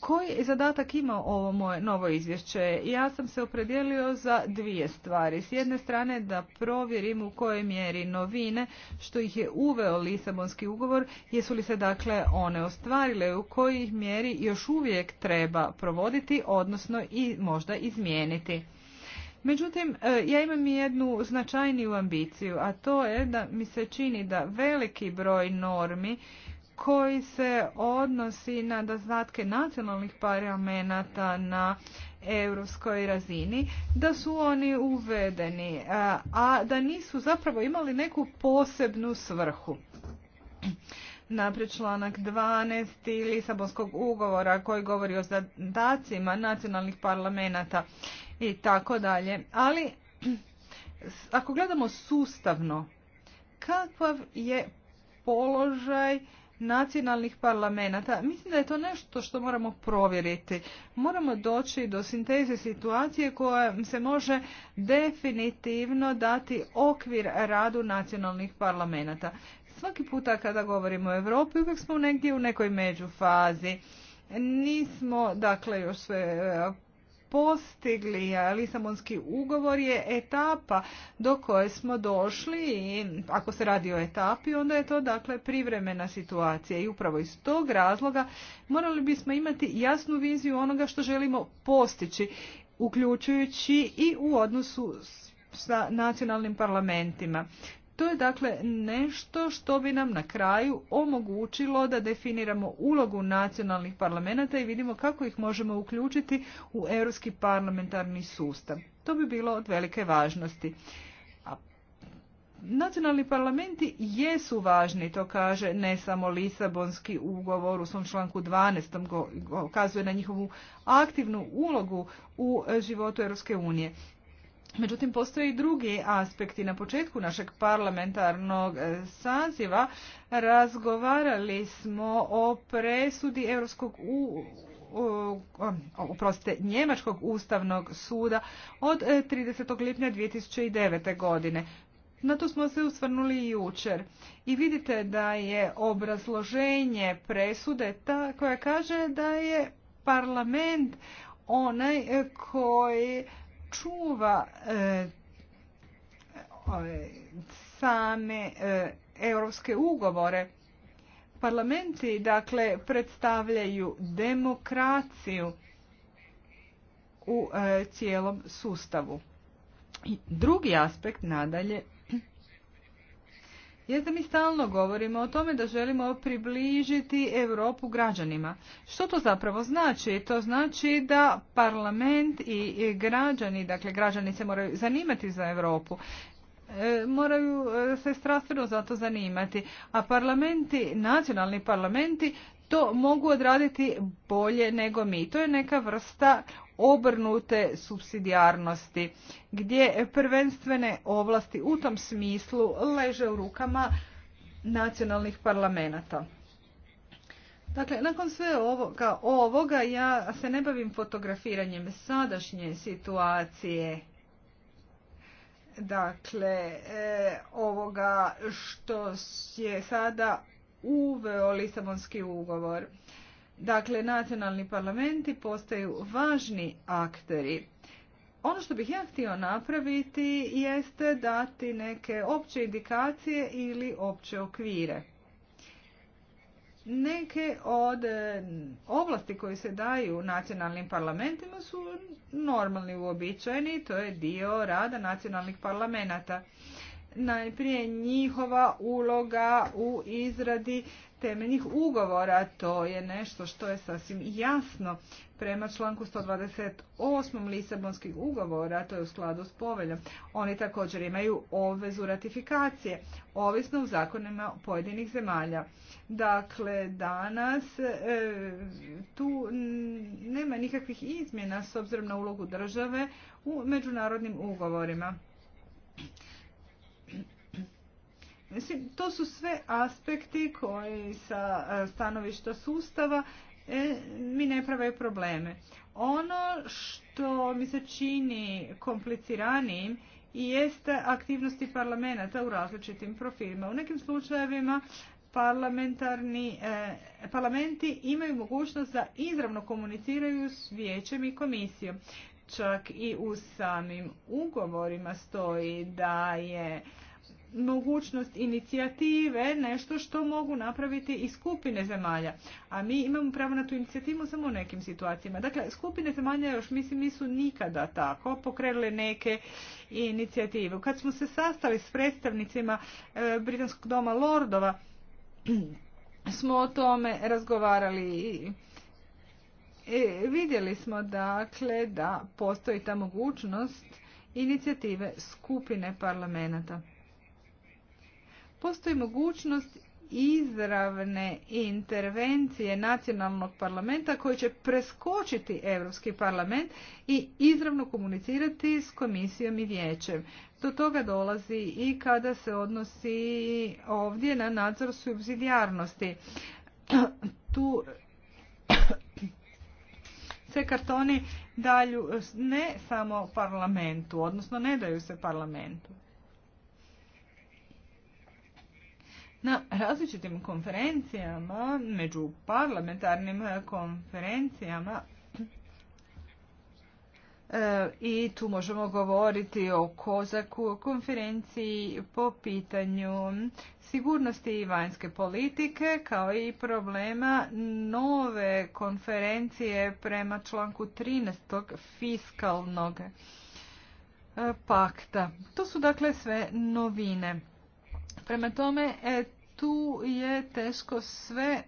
koji zadatak ima ovo moje novo izvješće? Ja sam se opredijelio za dvije stvari. S jedne strane da provjerim u kojoj mjeri novine što ih je uveo Lisabonski ugovor, jesu li se dakle one ostvarile, u kojih mjeri još uvijek treba provoditi, odnosno i možda izmijeniti. Međutim, e, ja imam jednu značajniju ambiciju, a to je da mi se čini da veliki broj normi koji se odnosi na doznatke nacionalnih parlamenta na europskoj razini, da su oni uvedeni, e, a da nisu zapravo imali neku posebnu svrhu. Naprijed članak 12. Lisabonskog ugovora koji govori o zadacima nacionalnih parlamenta i tako dalje. Ali ako gledamo sustavno, kakav je položaj nacionalnih parlamenta. Mislim da je to nešto što moramo provjeriti. Moramo doći do sinteze situacije koja se može definitivno dati okvir radu nacionalnih parlamenta. Svaki puta kada govorimo o Europi uvijek smo negdje u nekoj međufazi. Nismo dakle još sve postigli. Lisabonski ugovor je etapa do koje smo došli i ako se radi o etapi, onda je to dakle privremena situacija i upravo iz tog razloga morali bismo imati jasnu viziju onoga što želimo postići, uključujući i u odnosu sa nacionalnim parlamentima. To je dakle nešto što bi nam na kraju omogućilo da definiramo ulogu nacionalnih parlamenta i vidimo kako ih možemo uključiti u europski parlamentarni sustav. To bi bilo od velike važnosti. nacionalni parlamenti jesu važni, to kaže ne samo Lisabonski ugovor u svom članku 12. Go, na njihovu aktivnu ulogu u životu Europske unije. Međutim, postoje i drugi aspekti. Na početku našeg parlamentarnog e, saziva razgovarali smo o presudi Europskog u, oprostite, Njemačkog ustavnog suda od 30. E, lipnja 2009. godine. Na to smo se usvrnuli jučer. I vidite da je obrazloženje presude ta koja kaže da je parlament onaj e, koji čuva e, same e, europske ugovore. Parlamenti dakle predstavljaju demokraciju u e, cijelom sustavu. drugi aspekt nadalje je da mi stalno govorimo o tome da želimo približiti Europu građanima. Što to zapravo znači? To znači da parlament i građani, dakle građani se moraju zanimati za Europu, e, moraju e, se strastveno za to zanimati, a parlamenti, nacionalni parlamenti to mogu odraditi bolje nego mi. To je neka vrsta obrnute subsidijarnosti, gdje prvenstvene ovlasti u tom smislu leže u rukama nacionalnih parlamenta. Dakle, nakon sve ovoga, ovoga ja se ne bavim fotografiranjem sadašnje situacije dakle e, ovoga što je sada uveo Lisabonski ugovor. Dakle, nacionalni parlamenti postaju važni akteri. Ono što bih ja htio napraviti jeste dati neke opće indikacije ili opće okvire. Neke od e, oblasti koje se daju nacionalnim parlamentima su normalni uobičajeni, to je dio rada nacionalnih parlamenta. Najprije njihova uloga u izradi temeljnih ugovora. To je nešto što je sasvim jasno. Prema članku 128. Lisabonskih ugovora, to je u skladu s poveljom, oni također imaju obvezu ratifikacije, ovisno u zakonima pojedinih zemalja. Dakle, danas e, tu nema nikakvih izmjena s obzirom na ulogu države u međunarodnim ugovorima. Mislim, to su sve aspekti koji sa e, stanovišta sustava e, mi ne prave probleme. Ono što mi se čini kompliciranijim i jeste aktivnosti parlamenta u različitim profilima. U nekim slučajevima parlamentarni e, parlamenti imaju mogućnost da izravno komuniciraju s vijećem i komisijom. Čak i u samim ugovorima stoji da je mogućnost inicijative, nešto što mogu napraviti i skupine zemalja. A mi imamo pravo na tu inicijativu samo u nekim situacijama. Dakle, skupine zemalja još mislim nisu nikada tako pokrenule neke inicijative. Kad smo se sastali s predstavnicima e, Britanskog doma Lordova, smo o tome razgovarali i e, vidjeli smo dakle da postoji ta mogućnost inicijative skupine parlamenta postoji mogućnost izravne intervencije nacionalnog parlamenta koji će preskočiti Europski parlament i izravno komunicirati s komisijom i vijećem. Do toga dolazi i kada se odnosi ovdje na nadzor subsidijarnosti. Tu se kartoni dalju ne samo parlamentu, odnosno ne daju se parlamentu. Na različitim konferencijama, među parlamentarnim eh, konferencijama, eh, i tu možemo govoriti o Kozaku, konferenciji po pitanju sigurnosti i vanjske politike, kao i problema nove konferencije prema članku 13. fiskalnog eh, pakta. To su dakle sve novine. Prema tome, e, tu je teško sve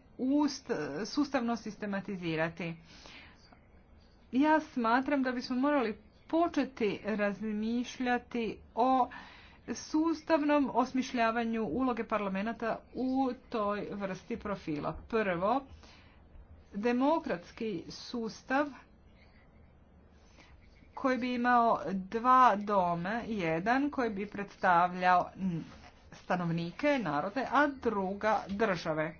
sustavno sistematizirati. Ja smatram da bismo morali početi razmišljati o sustavnom osmišljavanju uloge parlamenta u toj vrsti profila. Prvo, demokratski sustav koji bi imao dva dome, jedan koji bi predstavljao stanovnike, narode, a druga države.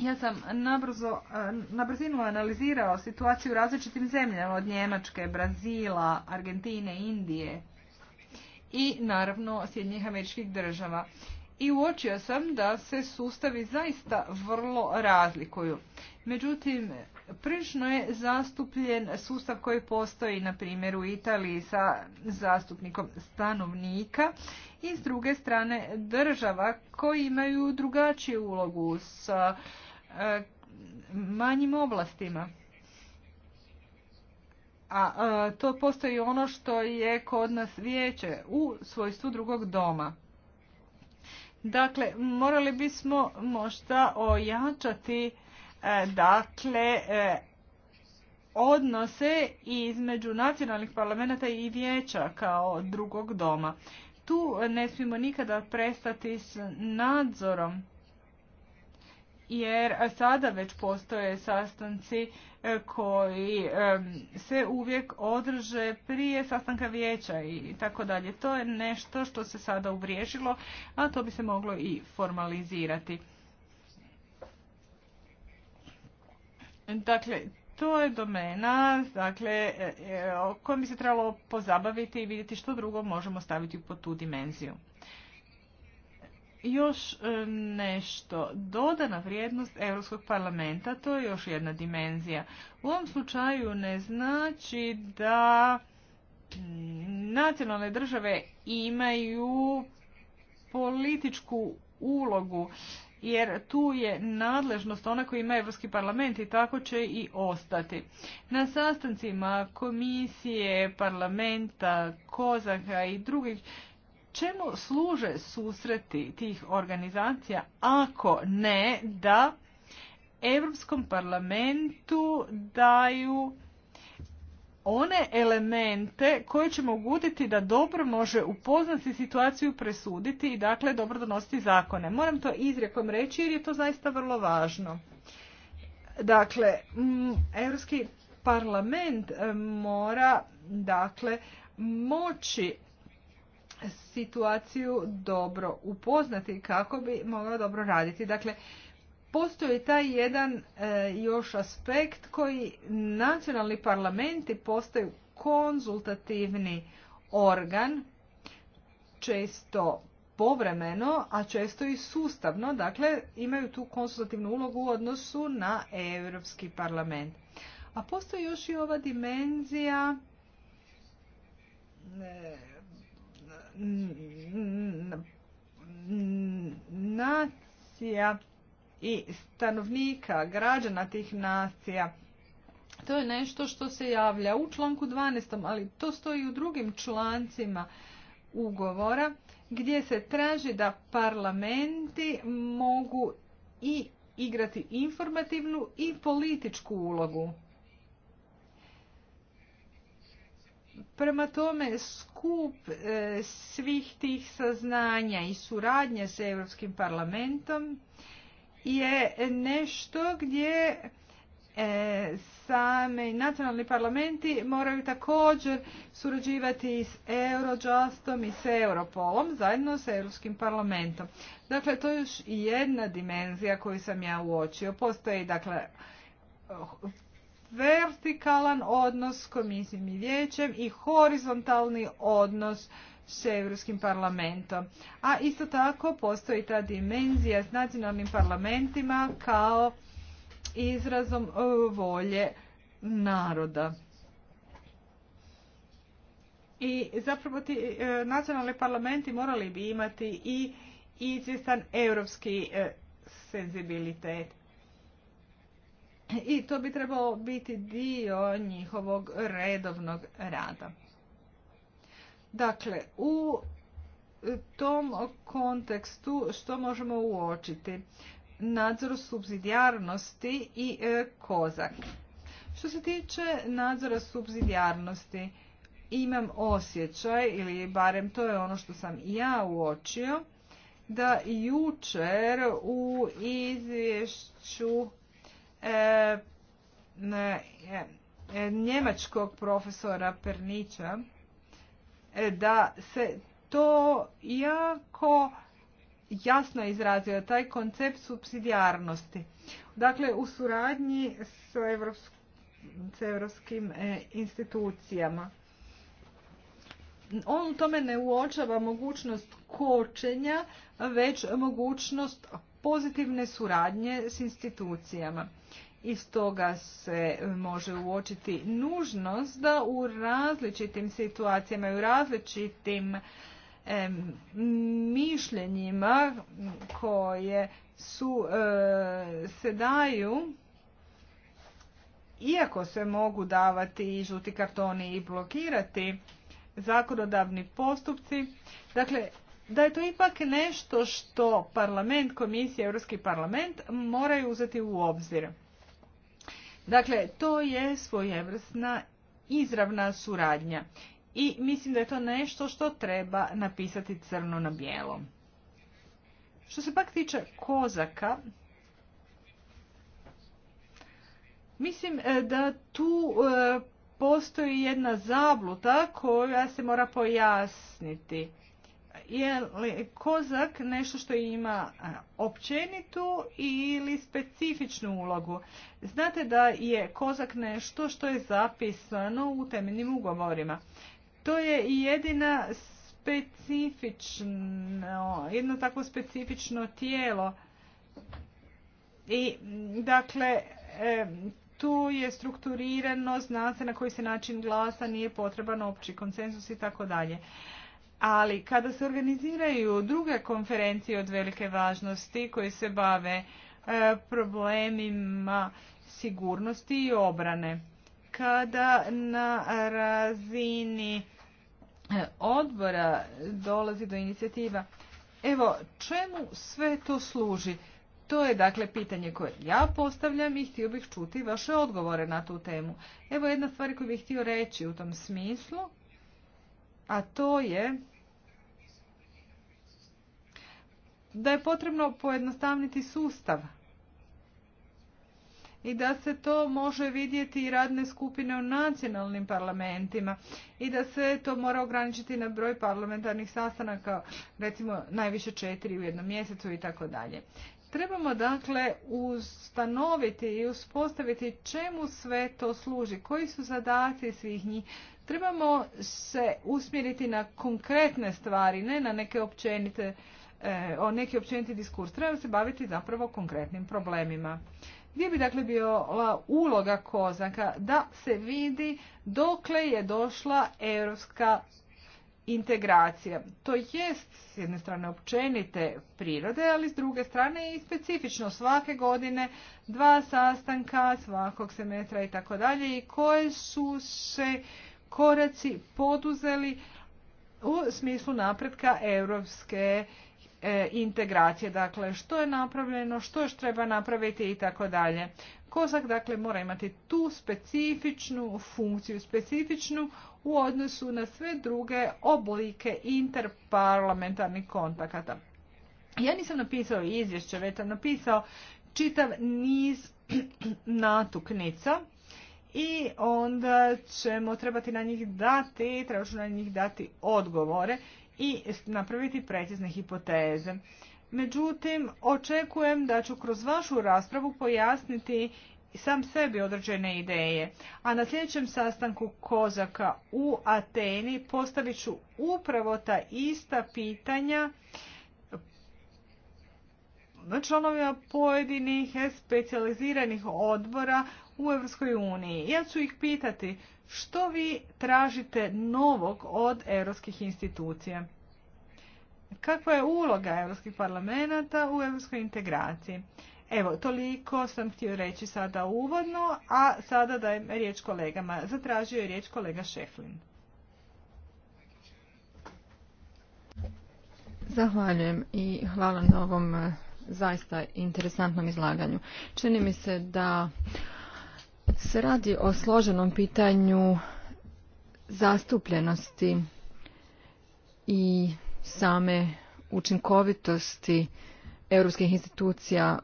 Ja sam nabrzo, na brzinu analizirao situaciju u različitim zemljama od Njemačke, Brazila, Argentine, Indije i naravno Sjednjih američkih država. I uočio sam da se sustavi zaista vrlo razlikuju. Međutim, Prilično je zastupljen sustav koji postoji, na primjer, u Italiji sa zastupnikom stanovnika i s druge strane država koji imaju drugačiju ulogu sa e, manjim oblastima. A, a e, to postoji ono što je kod nas vijeće u svojstvu drugog doma. Dakle, morali bismo možda ojačati E, dakle e, odnose između nacionalnih parlamenta i vijeća kao drugog doma. Tu ne smijemo nikada prestati s nadzorom jer sada već postoje sastanci e, koji se uvijek održe prije sastanka vijeća i tako dalje. To je nešto što se sada uvriježilo, a to bi se moglo i formalizirati. Dakle, to je domena dakle, e, e, o kojom bi se trebalo pozabaviti i vidjeti što drugo možemo staviti pod tu dimenziju. Još e, nešto. Dodana vrijednost Europskog parlamenta, to je još jedna dimenzija. U ovom slučaju ne znači da mm, nacionalne države imaju političku ulogu jer tu je nadležnost ona koja ima Europski parlament i tako će i ostati. Na sastancima komisije, parlamenta, kozaka i drugih čemu služe susreti tih organizacija ako ne da Europskom parlamentu daju one elemente koje će moguditi da dobro može upoznati situaciju, presuditi i dakle dobro donositi zakone. Moram to izrijekom reći jer je to zaista vrlo važno. Dakle, mm, Europski parlament e, mora dakle moći situaciju dobro upoznati kako bi mogao dobro raditi. Dakle, postoji taj jedan još aspekt koji nacionalni parlamenti postaju konzultativni organ često povremeno, a često i sustavno, dakle imaju tu konzultativnu ulogu u odnosu na Europski parlament. A postoji još i ova dimenzija nacija i stanovnika, građana tih nacija. To je nešto što se javlja u članku 12. ali to stoji u drugim člancima ugovora gdje se traži da parlamenti mogu i igrati informativnu i političku ulogu. Prema tome, skup e, svih tih saznanja i suradnje s Europskim parlamentom je nešto gdje e, same nacionalni parlamenti moraju također surađivati s Eurojustom i s Europolom zajedno s Europskim parlamentom. Dakle, to je još jedna dimenzija koju sam ja uočio. Postoji, dakle, vertikalan odnos s komisijim i vijećem i horizontalni odnos s Europskim parlamentom. A isto tako postoji ta dimenzija s nacionalnim parlamentima kao izrazom e, volje naroda. I zapravo ti e, nacionalni parlamenti morali bi imati i izvjestan europski e, senzibilitet. I to bi trebalo biti dio njihovog redovnog rada. Dakle, u tom kontekstu što možemo uočiti? Nadzor subsidijarnosti i e, kozak. Što se tiče nadzora subsidijarnosti, imam osjećaj, ili barem to je ono što sam ja uočio, da jučer u izvješću e, e, njemačkog profesora Pernića E, da se to jako jasno izrazio taj koncept subsidijarnosti. Dakle, u suradnji s, evropskim, e, institucijama. On u tome ne uočava mogućnost kočenja, već mogućnost pozitivne suradnje s institucijama i stoga se može uočiti nužnost da u različitim situacijama i u različitim mišljenjima koje su eh, se daju iako se mogu davati i žuti kartoni i blokirati zakonodavni postupci dakle da je to ipak nešto što parlament, komisija, Europski parlament moraju uzeti u obzir. Dakle, to je svojevrsna izravna suradnja i mislim da je to nešto što treba napisati crno na bijelo. Što se pak tiče kozaka, mislim e, da tu e, postoji jedna zabluta koja se mora pojasniti je kozak nešto što ima općenitu ili specifičnu ulogu? Znate da je kozak nešto što je zapisano u temeljnim ugovorima. To je jedina specifično, jedno takvo specifično tijelo. I, dakle, e, tu je strukturirano, zna se na koji se način glasa, nije potreban opći konsensus i tako dalje ali kada se organiziraju druge konferencije od velike važnosti koje se bave e, problemima sigurnosti i obrane, kada na razini e, odbora dolazi do inicijativa, evo čemu sve to služi? To je dakle pitanje koje ja postavljam i htio bih čuti vaše odgovore na tu temu. Evo jedna stvar koju bih htio reći u tom smislu, a to je da je potrebno pojednostavniti sustav i da se to može vidjeti i radne skupine u nacionalnim parlamentima i da se to mora ograničiti na broj parlamentarnih sastanaka, recimo najviše četiri u jednom mjesecu i tako dalje. Trebamo dakle ustanoviti i uspostaviti čemu sve to služi, koji su zadaci svih njih. Trebamo se usmjeriti na konkretne stvari, ne na neke općenite E, o neki općeniti diskurs. trebaju se baviti zapravo konkretnim problemima. Gdje bi dakle bila uloga Kozaka da se vidi dokle je došla europska integracija. To jest s jedne strane općenite prirode, ali s druge strane i specifično svake godine dva sastanka svakog semestra i tako dalje i koje su se koraci poduzeli u smislu napretka europske E, integracije, dakle što je napravljeno, što još treba napraviti i tako dalje. Kozak dakle mora imati tu specifičnu funkciju, specifičnu u odnosu na sve druge oblike interparlamentarnih kontakata. Ja nisam napisao izvješće, već sam napisao čitav niz natuknica i onda ćemo trebati na njih dati, treba na njih dati odgovore i napraviti precizne hipoteze. Međutim, očekujem da ću kroz vašu raspravu pojasniti sam sebi određene ideje. A na sljedećem sastanku Kozaka u Ateni postavit ću upravo ta ista pitanja članovima pojedinih specijaliziranih odbora u EU. Ja ću ih pitati što vi tražite novog od europskih institucija? Kakva je uloga europskih parlamenta u europskoj integraciji? Evo, toliko sam htio reći sada uvodno, a sada dajem riječ kolegama. Zatražio je riječ kolega Šeflin. Zahvaljujem i hvala na ovom eh, zaista interesantnom izlaganju. Čini mi se da se radi o složenom pitanju zastupljenosti i same učinkovitosti europskih institucija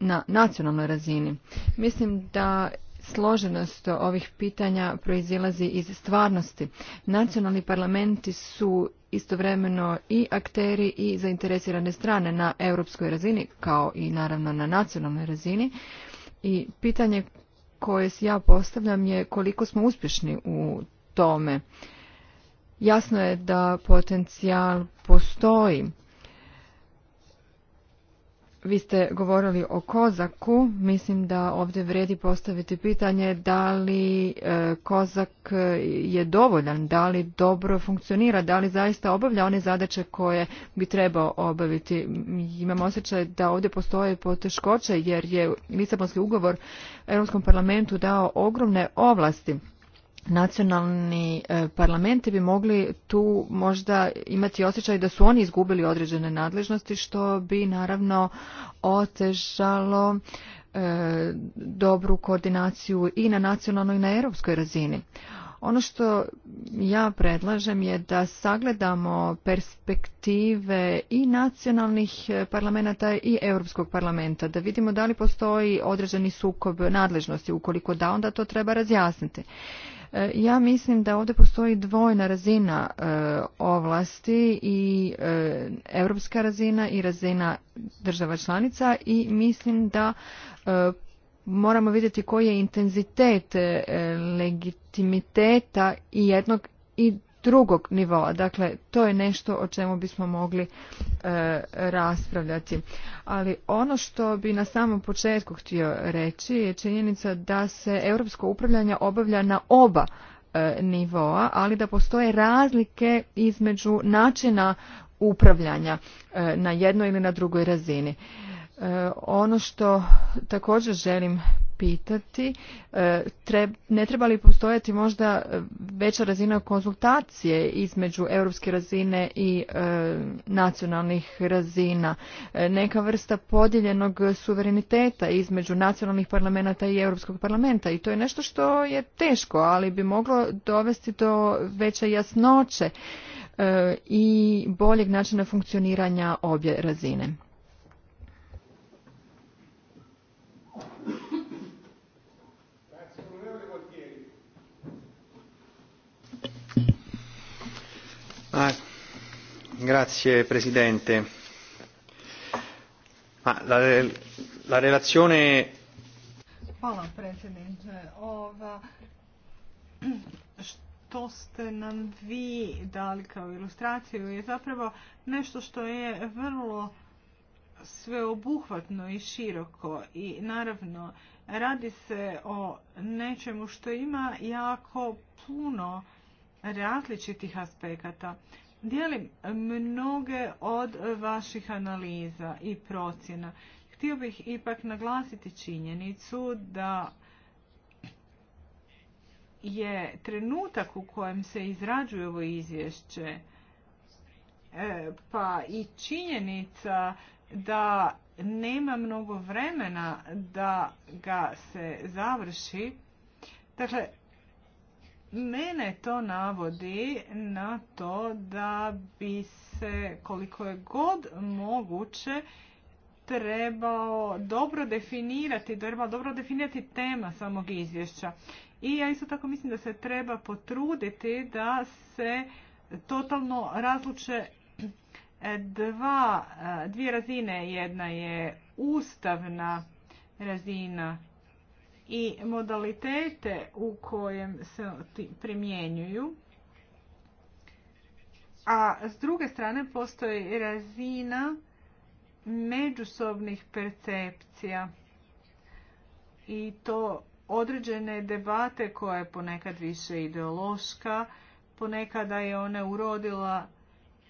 na nacionalnoj razini. Mislim da složenost ovih pitanja proizilazi iz stvarnosti. Nacionalni parlamenti su istovremeno i akteri i zainteresirane strane na europskoj razini kao i naravno na nacionalnoj razini i pitanje koje ja postavljam je koliko smo uspješni u tome. Jasno je da potencijal postoji vi ste govorili o Kozaku, mislim da ovdje vredi postaviti pitanje da li e, Kozak je dovoljan, da li dobro funkcionira, da li zaista obavlja one zadaće koje bi trebao obaviti. Imam osjećaj da ovdje postoje poteškoće jer je Lisabonski ugovor Europskom parlamentu dao ogromne ovlasti nacionalni e, parlamenti bi mogli tu možda imati osjećaj da su oni izgubili određene nadležnosti što bi naravno otežalo e, dobru koordinaciju i na nacionalnoj i na europskoj razini. Ono što ja predlažem je da sagledamo perspektive i nacionalnih e, parlamenta i Europskog parlamenta, da vidimo da li postoji određeni sukob nadležnosti, ukoliko da, onda to treba razjasniti. E, ja mislim da ovdje postoji dvojna razina e, ovlasti i e, europska razina i razina država članica i mislim da moramo vidjeti koji je intenzitet legitimiteta i jednog i drugog nivoa. Dakle, to je nešto o čemu bismo mogli e, raspravljati. Ali ono što bi na samom početku htio reći je činjenica da se europsko upravljanje obavlja na oba e, nivoa, ali da postoje razlike između načina upravljanja e, na jednoj ili na drugoj razini. Ono što također želim pitati e, ne treba li postojati možda veća razina konzultacije između europske razine i e, nacionalnih razina e, neka vrsta podijeljenog suvereniteta između nacionalnih parlamenta i europskog parlamenta i to je nešto što je teško ali bi moglo dovesti do veće jasnoće i boljeg načina funkcioniranja obje razine Ah, Hvala predsjedniče. Ova, što ste nam vi dali kao ilustraciju je zapravo nešto što je vrlo sveobuhvatno i široko i naravno radi se o nečemu što ima jako puno različitih aspekata. Dijelim mnoge od vaših analiza i procjena. Htio bih ipak naglasiti činjenicu da je trenutak u kojem se izrađuje ovo izvješće e, pa i činjenica da nema mnogo vremena da ga se završi. Dakle, Mene to navodi na to da bi se koliko je god moguće trebao dobro definirati, treba dobro definirati tema samog izvješća. I ja isto tako mislim da se treba potruditi da se totalno razluče dva, dvije razine. Jedna je ustavna razina i modalitete u kojem se primjenjuju. A s druge strane postoji razina međusobnih percepcija i to određene debate koja je ponekad više ideološka, ponekada je ona urodila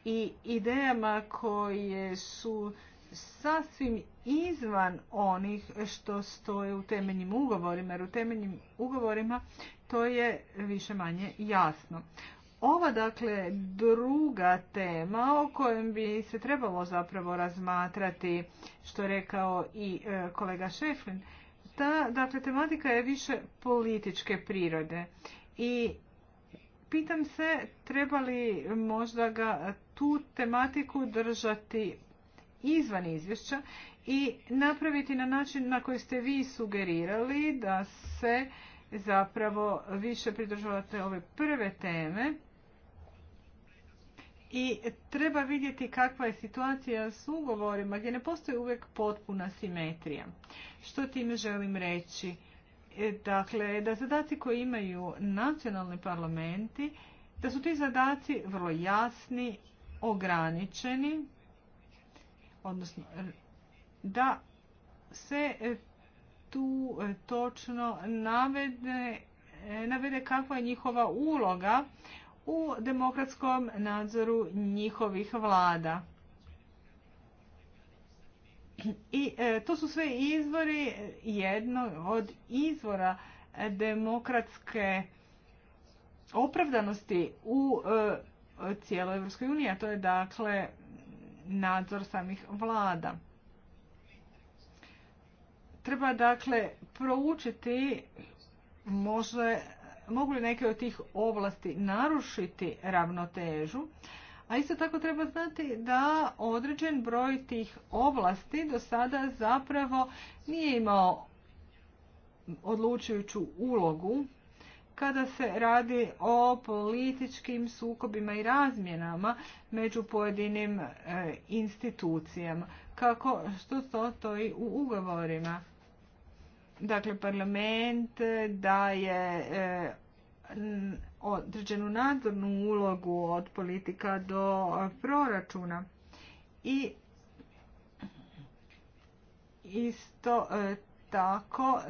i idejama koje su sasvim izvan onih što stoje u temeljnim ugovorima, jer u temeljnim ugovorima to je više manje jasno. Ova dakle druga tema o kojem bi se trebalo zapravo razmatrati, što je rekao i e, kolega Šeflin, ta dakle, tematika je više političke prirode i pitam se treba li možda ga tu tematiku držati izvan izvješća i napraviti na način na koji ste vi sugerirali da se zapravo više pridržavate ove prve teme i treba vidjeti kakva je situacija s ugovorima gdje ne postoji uvijek potpuna simetrija. Što time želim reći? E, dakle, da zadaci koji imaju nacionalni parlamenti, da su ti zadaci vrlo jasni, ograničeni odnosno da se e, tu e, točno e, navede, kakva je njihova uloga u demokratskom nadzoru njihovih vlada. I to su sve izvori, jedno od izvora demokratske opravdanosti u cijeloj Evropskoj uniji, a to je dakle nadzor samih vlada. Treba dakle proučiti može, mogu li neke od tih ovlasti narušiti ravnotežu, a isto tako treba znati da određen broj tih ovlasti do sada zapravo nije imao odlučujuću ulogu kada se radi o političkim sukobima i razmjenama među pojedinim e, institucijama, kako što to stoji u ugovorima. Dakle, parlament daje e, određenu nadzornu ulogu od politika do e, proračuna i isto tako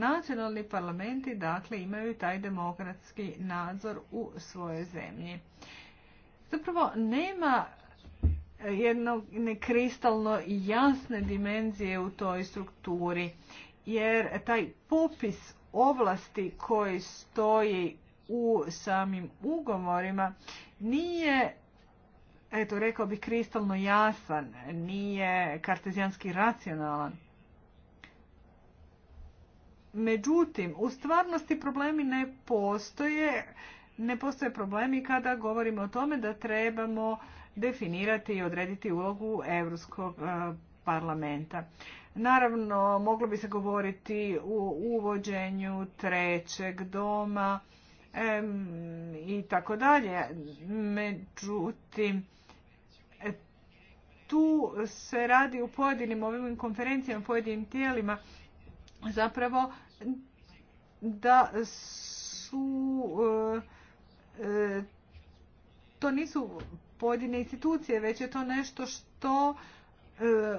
nacionalni parlamenti dakle imaju taj demokratski nadzor u svojoj zemlji. Zapravo nema jednog nekristalno jasne dimenzije u toj strukturi jer taj popis ovlasti koji stoji u samim ugovorima nije eto rekao bih kristalno jasan, nije kartezijanski racionalan. Međutim, u stvarnosti problemi ne postoje. Ne postoje problemi kada govorimo o tome da trebamo definirati i odrediti ulogu Europskog e, parlamenta. Naravno, moglo bi se govoriti o uvođenju trećeg doma i tako dalje. Međutim, tu se radi u pojedinim ovim konferencijama, pojedinim tijelima zapravo da su e, e, to nisu pojedine institucije, već je to nešto što e,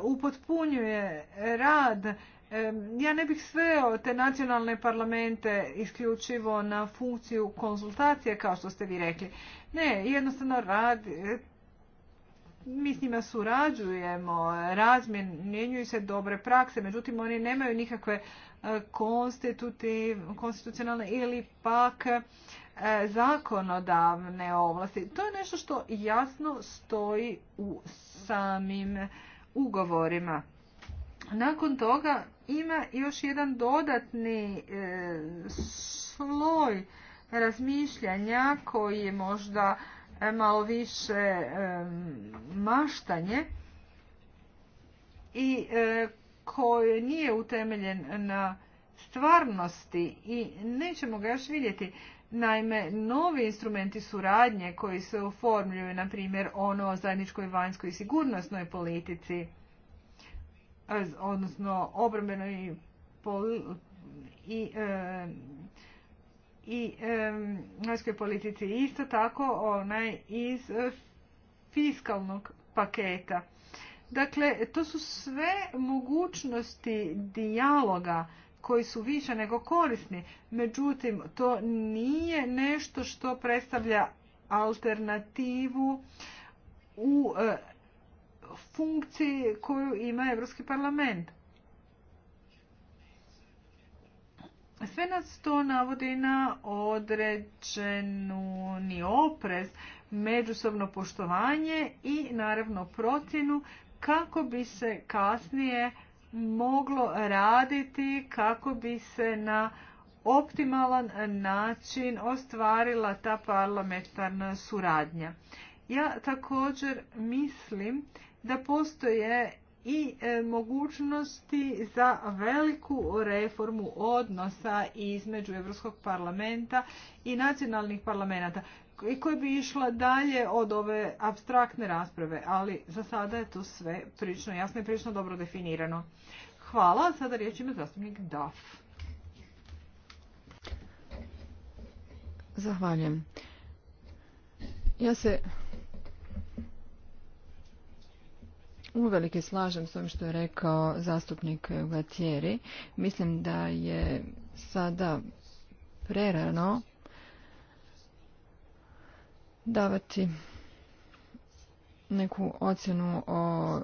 upotpunjuje rad. Ja ne bih sveo te nacionalne parlamente isključivo na funkciju konzultacije, kao što ste vi rekli. Ne, jednostavno rad mi s njima surađujemo, razmjenjuju se dobre prakse, međutim oni nemaju nikakve e, konstitucionalne ili pak e, zakonodavne ovlasti. To je nešto što jasno stoji u samim ugovorima. Nakon toga ima još jedan dodatni e, sloj razmišljanja koji je možda malo više maštanje i e, koji nije utemeljen na stvarnosti i nećemo ga još vidjeti. Naime, novi instrumenti suradnje koji se oformljuju, na primjer ono o zajedničkoj vanjskoj i sigurnosnoj politici, e, odnosno obrambenoj i, e, i vanjskoj politici. Isto tako onaj iz eh, fiskalnog paketa. Dakle, to su sve mogućnosti dijaloga koji su više nego korisni. Međutim, to nije nešto što predstavlja alternativu u eh, funkciji koju ima Europski parlament. Sve nas to navodi na određenu ni oprez, međusobno poštovanje i naravno procjenu kako bi se kasnije moglo raditi kako bi se na optimalan način ostvarila ta parlamentarna suradnja. Ja također mislim da postoje i e, mogućnosti za veliku reformu odnosa između Europskog parlamenta i nacionalnih parlamenta i koja bi išla dalje od ove abstraktne rasprave, ali za sada je to sve prilično jasno i prilično dobro definirano. Hvala, sada riječ ima zastupnik DAF. Zahvaljujem. Ja se uvelike slažem s ovim što je rekao zastupnik Gatieri. Mislim da je sada prerano davati neku ocjenu o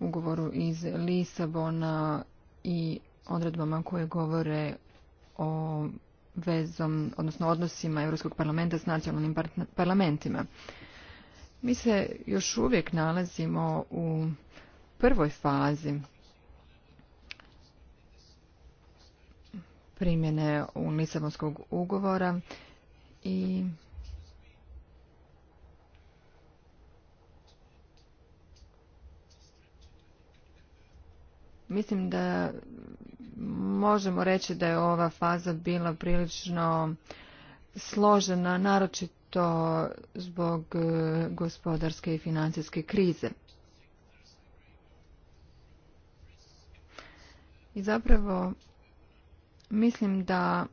ugovoru iz Lisabona i odredbama koje govore o vezom, odnosno odnosima Europskog parlamenta s nacionalnim parlamentima. Mi se još uvijek nalazimo u prvoj fazi primjene u Lisabonskog ugovora i mislim da možemo reći da je ova faza bila prilično složena, naročito to zbog e, gospodarske i financijske krize. I zapravo mislim da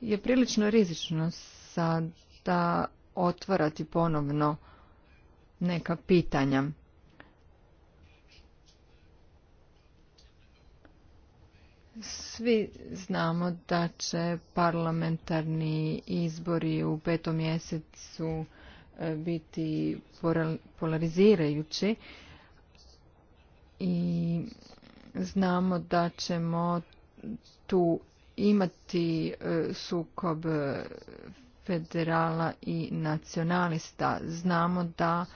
je prilično rizično sada otvarati ponovno neka pitanja. Svi znamo da će parlamentarni izbori u petom mjesecu e, biti polarizirajući i znamo da ćemo tu imati e, sukob federala i nacionalista. Znamo da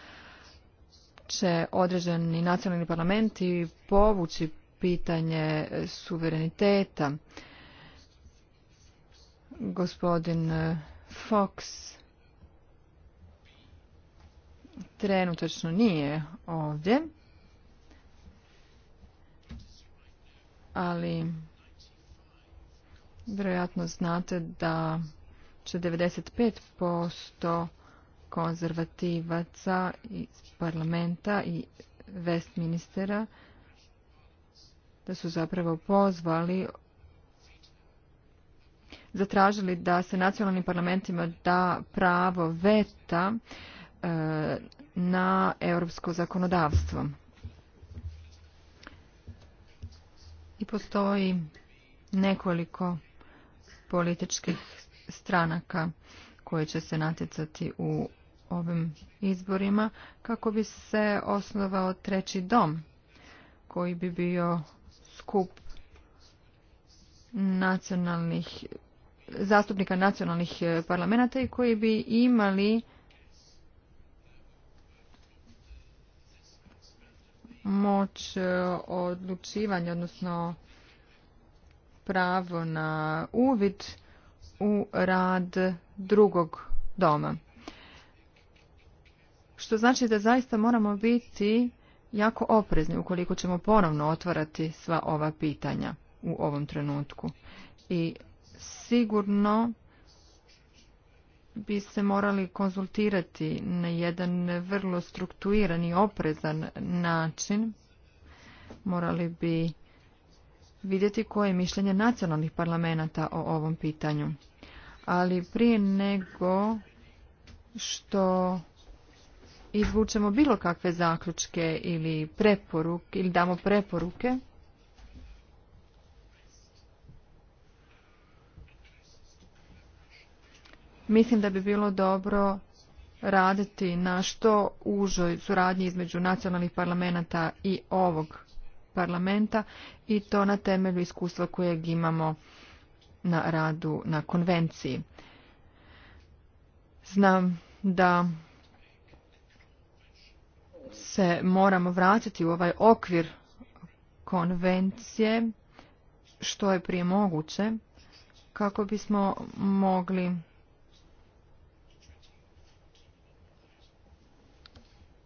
će određeni nacionalni parlamenti povući pitanje suvereniteta. Gospodin e, Fox trenutačno nije ovdje, ali vjerojatno znate da će 95% konzervativaca iz parlamenta i ministera da su zapravo pozvali zatražili da se nacionalnim parlamentima da pravo veta e, na europsko zakonodavstvo. I postoji nekoliko političkih stranaka koje će se natjecati u ovim izborima kako bi se osnovao treći dom koji bi bio skup nacionalnih zastupnika nacionalnih e, parlamenta i koji bi imali moć e, odlučivanja, odnosno pravo na uvid u rad drugog doma. Što znači da zaista moramo biti jako oprezni ukoliko ćemo ponovno otvarati sva ova pitanja u ovom trenutku. I sigurno bi se morali konzultirati na jedan vrlo struktuiran i oprezan način. Morali bi vidjeti koje je mišljenje nacionalnih parlamenta o ovom pitanju. Ali prije nego što izvučemo bilo kakve zaključke ili preporuke ili damo preporuke mislim da bi bilo dobro raditi na što užoj suradnji između nacionalnih parlamenta i ovog parlamenta i to na temelju iskustva kojeg imamo na radu na konvenciji. Znam da se moramo vratiti u ovaj okvir konvencije što je prije moguće kako bismo mogli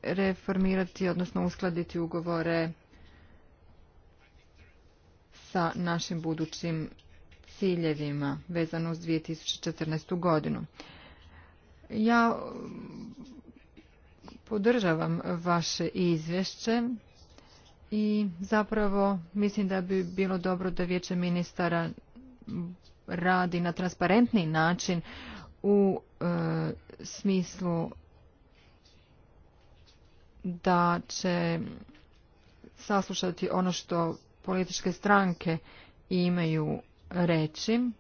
reformirati, odnosno uskladiti ugovore sa našim budućim ciljevima vezano uz 2014. godinu. Ja Podržavam vaše izvješće i zapravo mislim da bi bilo dobro da vijeće ministara radi na transparentni način u e, smislu da će saslušati ono što političke stranke imaju reći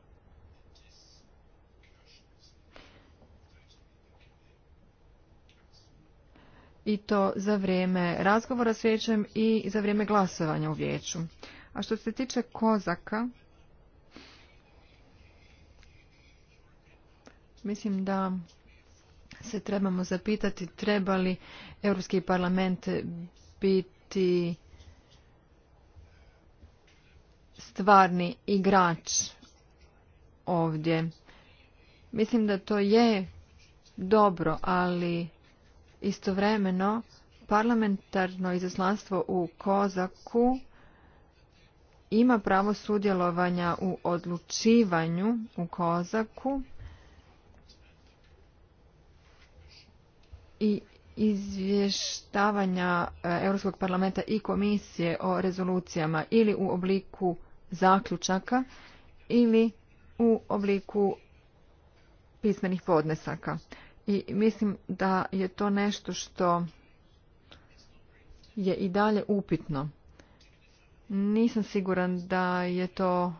i to za vrijeme razgovora s vijećem i za vrijeme glasovanja u vijeću. A što se tiče kozaka, mislim da se trebamo zapitati treba li Europski parlament biti stvarni igrač ovdje. Mislim da to je dobro, ali Istovremeno, parlamentarno izaslanstvo u Kozaku ima pravo sudjelovanja u odlučivanju u Kozaku i izvještavanja e, Europskog parlamenta i komisije o rezolucijama ili u obliku zaključaka ili u obliku pismenih podnesaka i mislim da je to nešto što je i dalje upitno. Nisam siguran da je to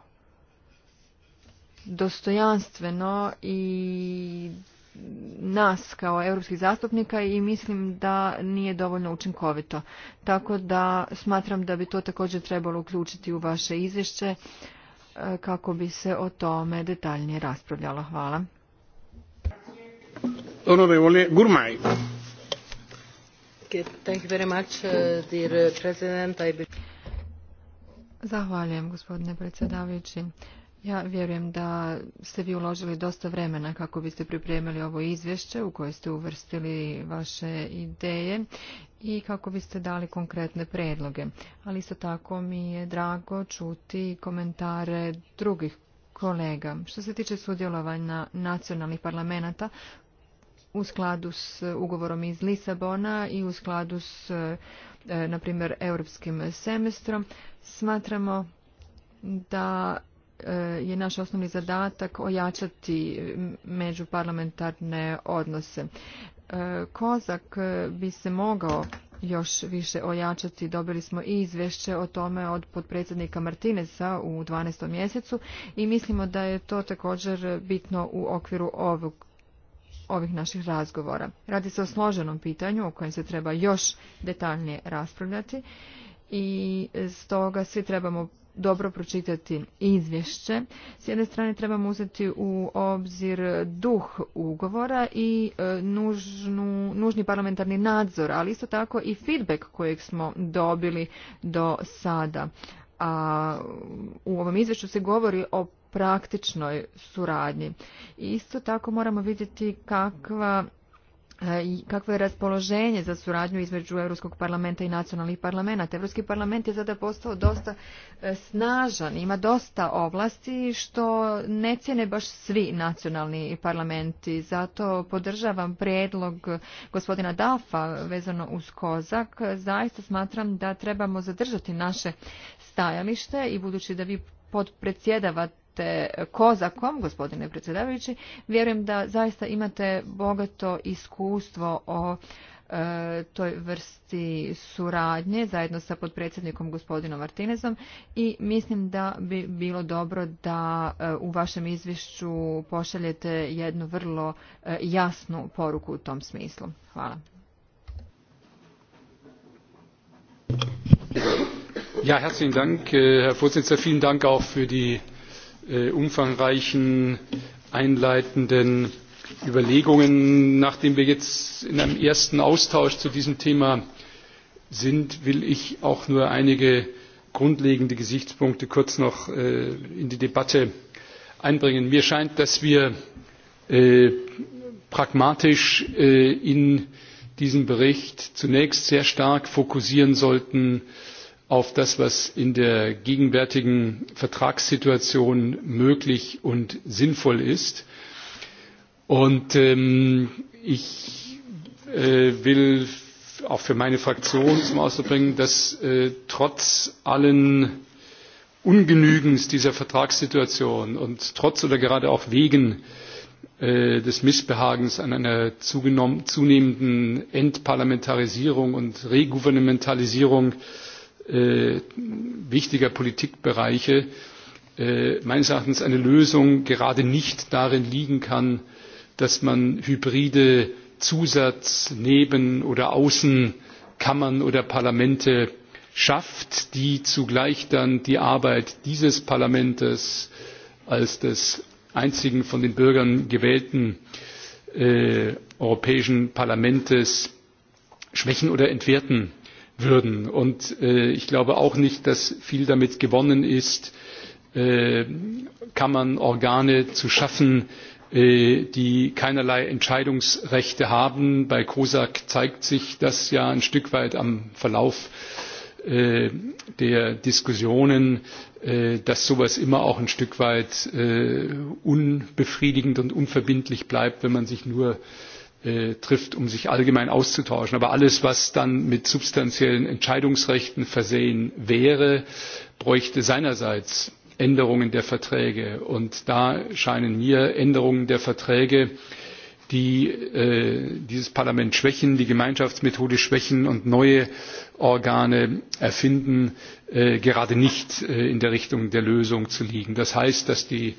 dostojanstveno i nas kao europskih zastupnika i mislim da nije dovoljno učinkovito. Tako da smatram da bi to također trebalo uključiti u vaše izvješće e, kako bi se o tome detaljnije raspravljalo. Hvala. Zahvaljujem gospodine predsjedavajući. Ja vjerujem da ste vi uložili dosta vremena kako biste pripremili ovo izvješće u koje ste uvrstili vaše ideje i kako biste dali konkretne predloge. Ali isto tako mi je drago čuti komentare drugih kolega. Što se tiče sudjelovanja nacionalnih parlamenata, u skladu s ugovorom iz Lisabona i u skladu s, e, na primjer, europskim semestrom. Smatramo da e, je naš osnovni zadatak ojačati međuparlamentarne odnose. E, Kozak bi se mogao još više ojačati. Dobili smo i izvješće o tome od podpredsjednika Martineza u 12. mjesecu i mislimo da je to također bitno u okviru ovog ovih naših razgovora. Radi se o složenom pitanju o kojem se treba još detaljnije raspravljati i stoga svi trebamo dobro pročitati izvješće. S jedne strane trebamo uzeti u obzir duh ugovora i e, nužnu, nužni parlamentarni nadzor, ali isto tako i feedback kojeg smo dobili do sada. A u ovom izvješću se govori o praktičnoj suradnji. Isto tako moramo vidjeti kakva e, i kakvo je raspoloženje za suradnju između Europskog parlamenta i nacionalnih parlamenta. Europski parlament je zada postao dosta e, snažan, ima dosta ovlasti što ne cijene baš svi nacionalni parlamenti. Zato podržavam prijedlog gospodina Dafa vezano uz Kozak. Zaista smatram da trebamo zadržati naše stajalište i budući da vi podpredsjedavate kozakom, gospodine predsjedavajući, vjerujem da zaista imate bogato iskustvo o e, toj vrsti suradnje zajedno sa potpredsjednikom gospodinom Martinezom i mislim da bi bilo dobro da e, u vašem izvješću pošaljete jednu vrlo e, jasnu poruku u tom smislu. Hvala. Ja, herzlichen Dank, äh, Herr Vorsitzender. Vielen Dank auch für die Äh, umfangreichen einleitenden Überlegungen. Nachdem wir jetzt in einem ersten Austausch zu diesem Thema sind, will ich auch nur einige grundlegende Gesichtspunkte kurz noch äh, in die Debatte einbringen. Mir scheint, dass wir äh, pragmatisch in diesem Bericht zunächst sehr stark fokussieren sollten auf das, was in der gegenwärtigen Vertragssituation möglich und sinnvoll ist. Und ähm, ich äh, will auch für meine Fraktion zum Ausdruck bringen, dass äh, trotz allen Ungenügens dieser Vertragssituation und trotz oder gerade auch wegen äh, des Missbehagens an einer zunehmenden Entparlamentarisierung und Regouvernementalisierung Äh, wichtiger Politikbereiche äh, meines Erachtens eine Lösung gerade nicht darin liegen kann, dass man hybride Zusatz-, Neben- oder Außenkammern oder Parlamente schafft, die zugleich dann die Arbeit dieses Parlaments als des einzigen von den Bürgern gewählten äh, Europäischen Parlaments schwächen oder entwerten würden. Und äh, ich glaube auch nicht, dass viel damit gewonnen ist, äh, kann man Organe zu schaffen, äh, die keinerlei Entscheidungsrechte haben. Bei COSAC zeigt sich das ja ein Stück weit am Verlauf der Diskussionen, dass sowas immer auch ein Stück weit unbefriedigend und unverbindlich bleibt, wenn man sich nur Äh, trifft, um sich allgemein auszutauschen. Aber alles, was dann mit substanziellen Entscheidungsrechten versehen wäre, bräuchte seinerseits Änderungen der Verträge. Und da scheinen mir Änderungen der Verträge, die äh, dieses Parlament schwächen, die Gemeinschaftsmethode schwächen und neue Organe erfinden, Äh, gerade nicht äh, in der richtung der lösung zu liegen. das heißt dass die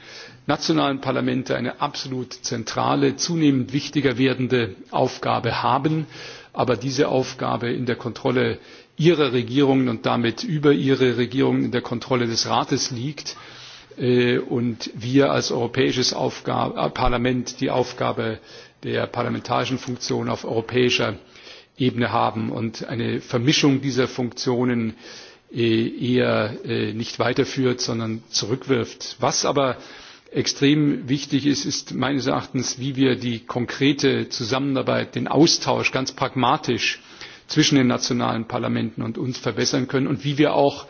nationalen parlamente eine absolut zentrale zunehmend wichtiger werdende aufgabe haben aber diese aufgabe in der kontrolle ihrer regierungen und damit über ihre regierungen in der kontrolle des rates liegt äh, und wir als europäisches parlament die aufgabe der parlamentarischen funktion auf europäischer ebene haben. und eine vermischung dieser funktionen Äh, eher äh, nicht weiterführt, sondern zurückwirft. Was aber extrem wichtig ist, ist meines Erachtens, wie wir die konkrete Zusammenarbeit, den Austausch ganz pragmatisch zwischen den nationalen Parlamenten und uns verbessern können und wie wir auch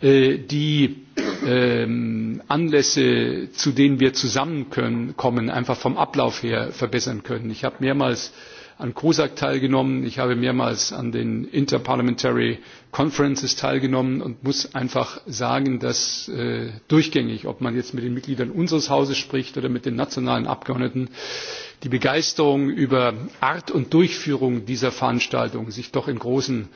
äh, die ähm, Anlässe, zu denen wir zusammenkommen, einfach vom Ablauf her verbessern können. Ich habe mehrmals an COSAC teilgenommen, ich habe mehrmals an den Interparliamentary Conferences teilgenommen und muss einfach sagen, dass äh, durchgängig, ob man jetzt mit den Mitgliedern unseres Hauses spricht oder mit den nationalen Abgeordneten, die Begeisterung über Art und Durchführung dieser Veranstaltung sich doch in großen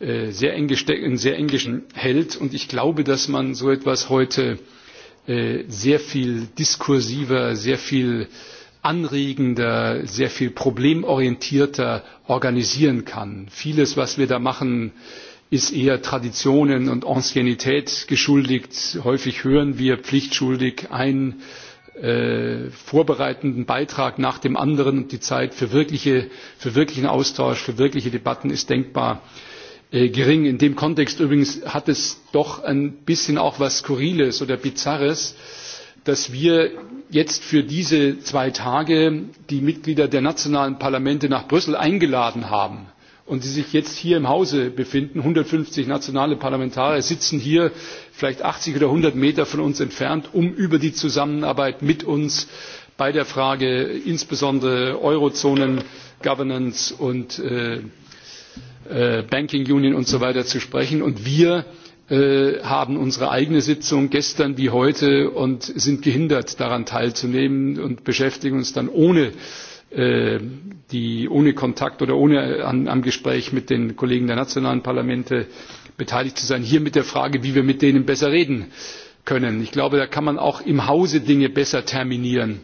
äh, sehr eng in sehr englischen hält. Und ich glaube, dass man so etwas heute äh, sehr viel diskursiver, sehr viel anregender, sehr viel problemorientierter organisieren kann. Vieles, was wir da machen, ist eher Traditionen und Anciennität geschuldigt. Häufig hören wir pflichtschuldig einen äh, vorbereitenden Beitrag nach dem anderen und die Zeit für, wirkliche, für wirklichen Austausch, für wirkliche Debatten ist denkbar äh, gering. In dem Kontext übrigens hat es doch ein bisschen auch was Skurriles oder Bizarres, dass wir jetzt für diese zwei tage die mitglieder der nationalen parlamente nach brüssel eingeladen haben und die sich jetzt hier im hause befinden 150 nationale parlamentarier sitzen hier vielleicht achtzig oder 100 meter von uns entfernt um über die zusammenarbeit mit uns bei der frage insbesondere eurozonen governance und äh, äh, banking union und so weiter zu sprechen und wir Äh, haben unsere eigene sitzung gestern wie heute und sind gehindert daran teilzunehmen und beschäftigen uns dann ohne äh, die ohne kontakt oder ohne am gespräch mit den kollegen der nationalen parlamente beteiligt zu sein hier mit der frage wie wir mit denen besser reden können. ich glaube da kann man auch im hause dinge besser terminieren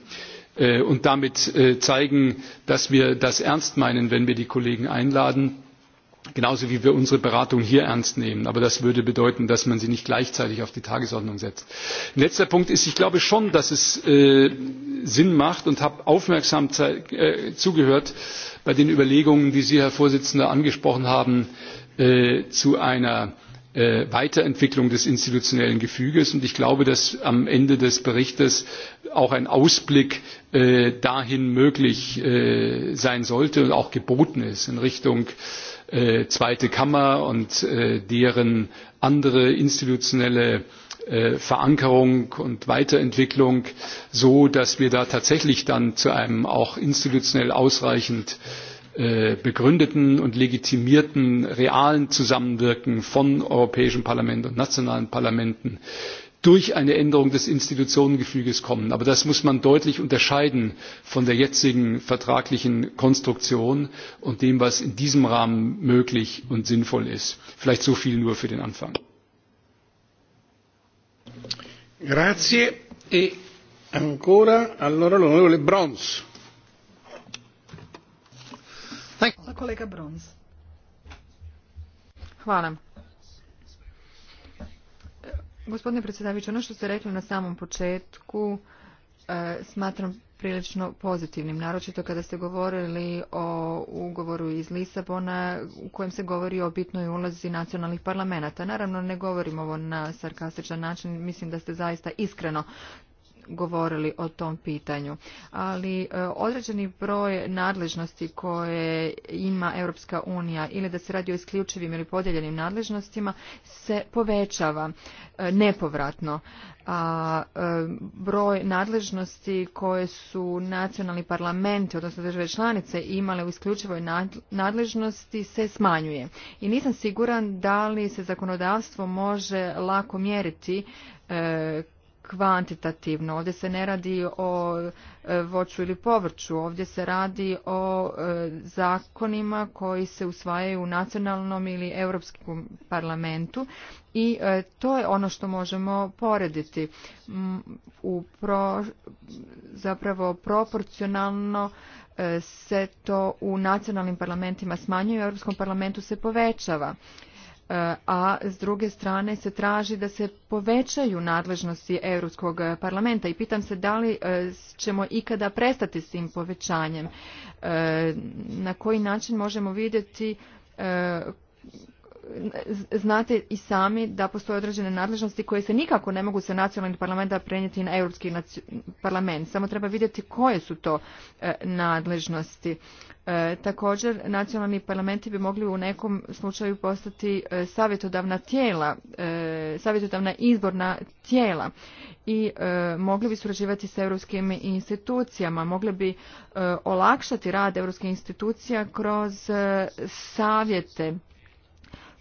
äh, und damit zeigen dass wir das ernst meinen wenn wir die kollegen einladen genauso wie wir unsere beratung hier ernst nehmen aber das würde bedeuten dass man sie nicht gleichzeitig auf die tagesordnung setzt. ein letzter punkt ist ich glaube schon dass es äh, sinn macht und habe aufmerksam äh, zugehört bei den überlegungen die sie herr vorsitzender angesprochen haben äh, zu einer weiterentwicklung des institutionellen gefüges und ich glaube dass am ende des berichts auch ein ausblick dahin möglich sein sollte und auch geboten ist in richtung Äh, zweite kammer und äh, deren andere institutionelle äh, verankerung und weiterentwicklung so dass wir da tatsächlich dann zu einem auch institutionell ausreichend begründeten und legitimierten realen zusammenwirken von europäischem parlament und nationalen parlamenten durch eine änderung des institutionengefüges kommen. aber das muss man deutlich unterscheiden von der jetzigen vertraglichen konstruktion und dem was in diesem rahmen möglich und sinnvoll ist. vielleicht so viel nur für den anfang. Grazie. E ancora, Hvala. Gospodine predsjedavajući, ono što ste rekli na samom početku e, smatram prilično pozitivnim, naročito kada ste govorili o ugovoru iz Lisabona u kojem se govori o bitnoj ulazi nacionalnih parlamenta. Naravno, ne govorim ovo na sarkastičan način, mislim da ste zaista iskreno govorili o tom pitanju. Ali e, određeni broj nadležnosti koje ima Europska unija ili da se radi o isključivim ili podijeljenim nadležnostima se povećava e, nepovratno. A e, broj nadležnosti koje su nacionalni parlamenti, odnosno države članice, imale u isključivoj nadležnosti se smanjuje. I nisam siguran da li se zakonodavstvo može lako mjeriti kvantitativno. Ovdje se ne radi o e, voću ili povrću, ovdje se radi o e, zakonima koji se usvajaju u nacionalnom ili europskom parlamentu i e, to je ono što možemo porediti. U zapravo proporcionalno se to u nacionalnim parlamentima smanjuje, u europskom parlamentu se povećava. Eh, a s druge strane se traži da se povećaju nadležnosti Europskog parlamenta i pitam se da li eh, ćemo ikada prestati s tim povećanjem. Eh, na koji način možemo vidjeti znate i sami da postoje određene nadležnosti koje se nikako ne mogu sa nacionalnih parlamenta prenijeti na Europski parlament. Samo treba vidjeti koje su to e, nadležnosti. E, također, nacionalni parlamenti bi mogli u nekom slučaju postati e, savjetodavna tijela, savjetodavna izborna tijela i mogli bi surađivati sa europskim institucijama, mogli bi olakšati rad europskih institucija kroz savjete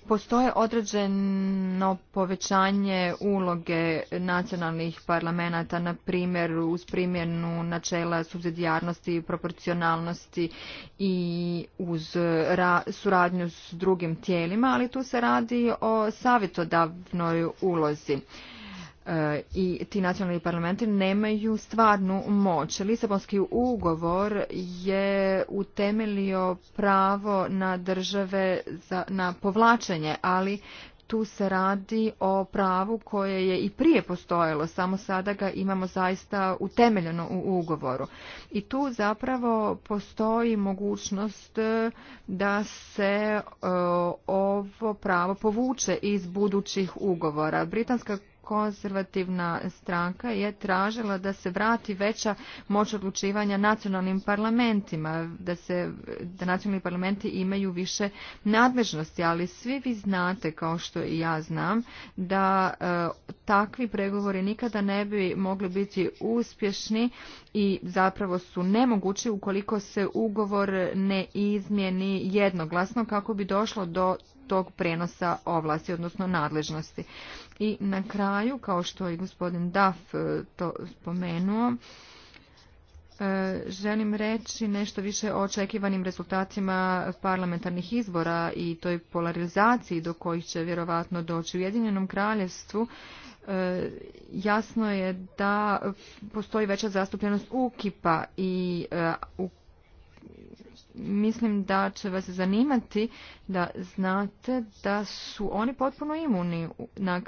postoje određeno povećanje uloge nacionalnih parlamenta, na primjer uz primjenu načela subsidijarnosti i proporcionalnosti i uz suradnju s drugim tijelima, ali tu se radi o savjetodavnoj ulozi. E, i ti nacionalni parlamenti nemaju stvarnu moć. Lisabonski ugovor je utemelio pravo na države na povlačenje, ali tu se radi o pravu koje je i prije postojalo, samo sada ga imamo zaista utemeljeno u ugovoru. I tu zapravo postoji mogućnost e, da se e, ovo pravo povuče iz budućih ugovora. Britanska konzervativna stranka je tražila da se vrati veća moć odlučivanja nacionalnim parlamentima, da se da nacionalni parlamenti imaju više nadležnosti, ali svi vi znate kao što i ja znam da e, takvi pregovori nikada ne bi mogli biti uspješni i zapravo su nemogući ukoliko se ugovor ne izmjeni jednoglasno kako bi došlo do tog prenosa ovlasti, odnosno nadležnosti. I na kraju, kao što je gospodin Duff e, to spomenuo, e, želim reći nešto više o očekivanim rezultatima parlamentarnih izbora i toj polarizaciji do kojih će vjerovatno doći u Ujedinjenom kraljevstvu. E, jasno je da postoji veća zastupljenost ukipa i u mislim da će vas zanimati da znate da su oni potpuno imuni na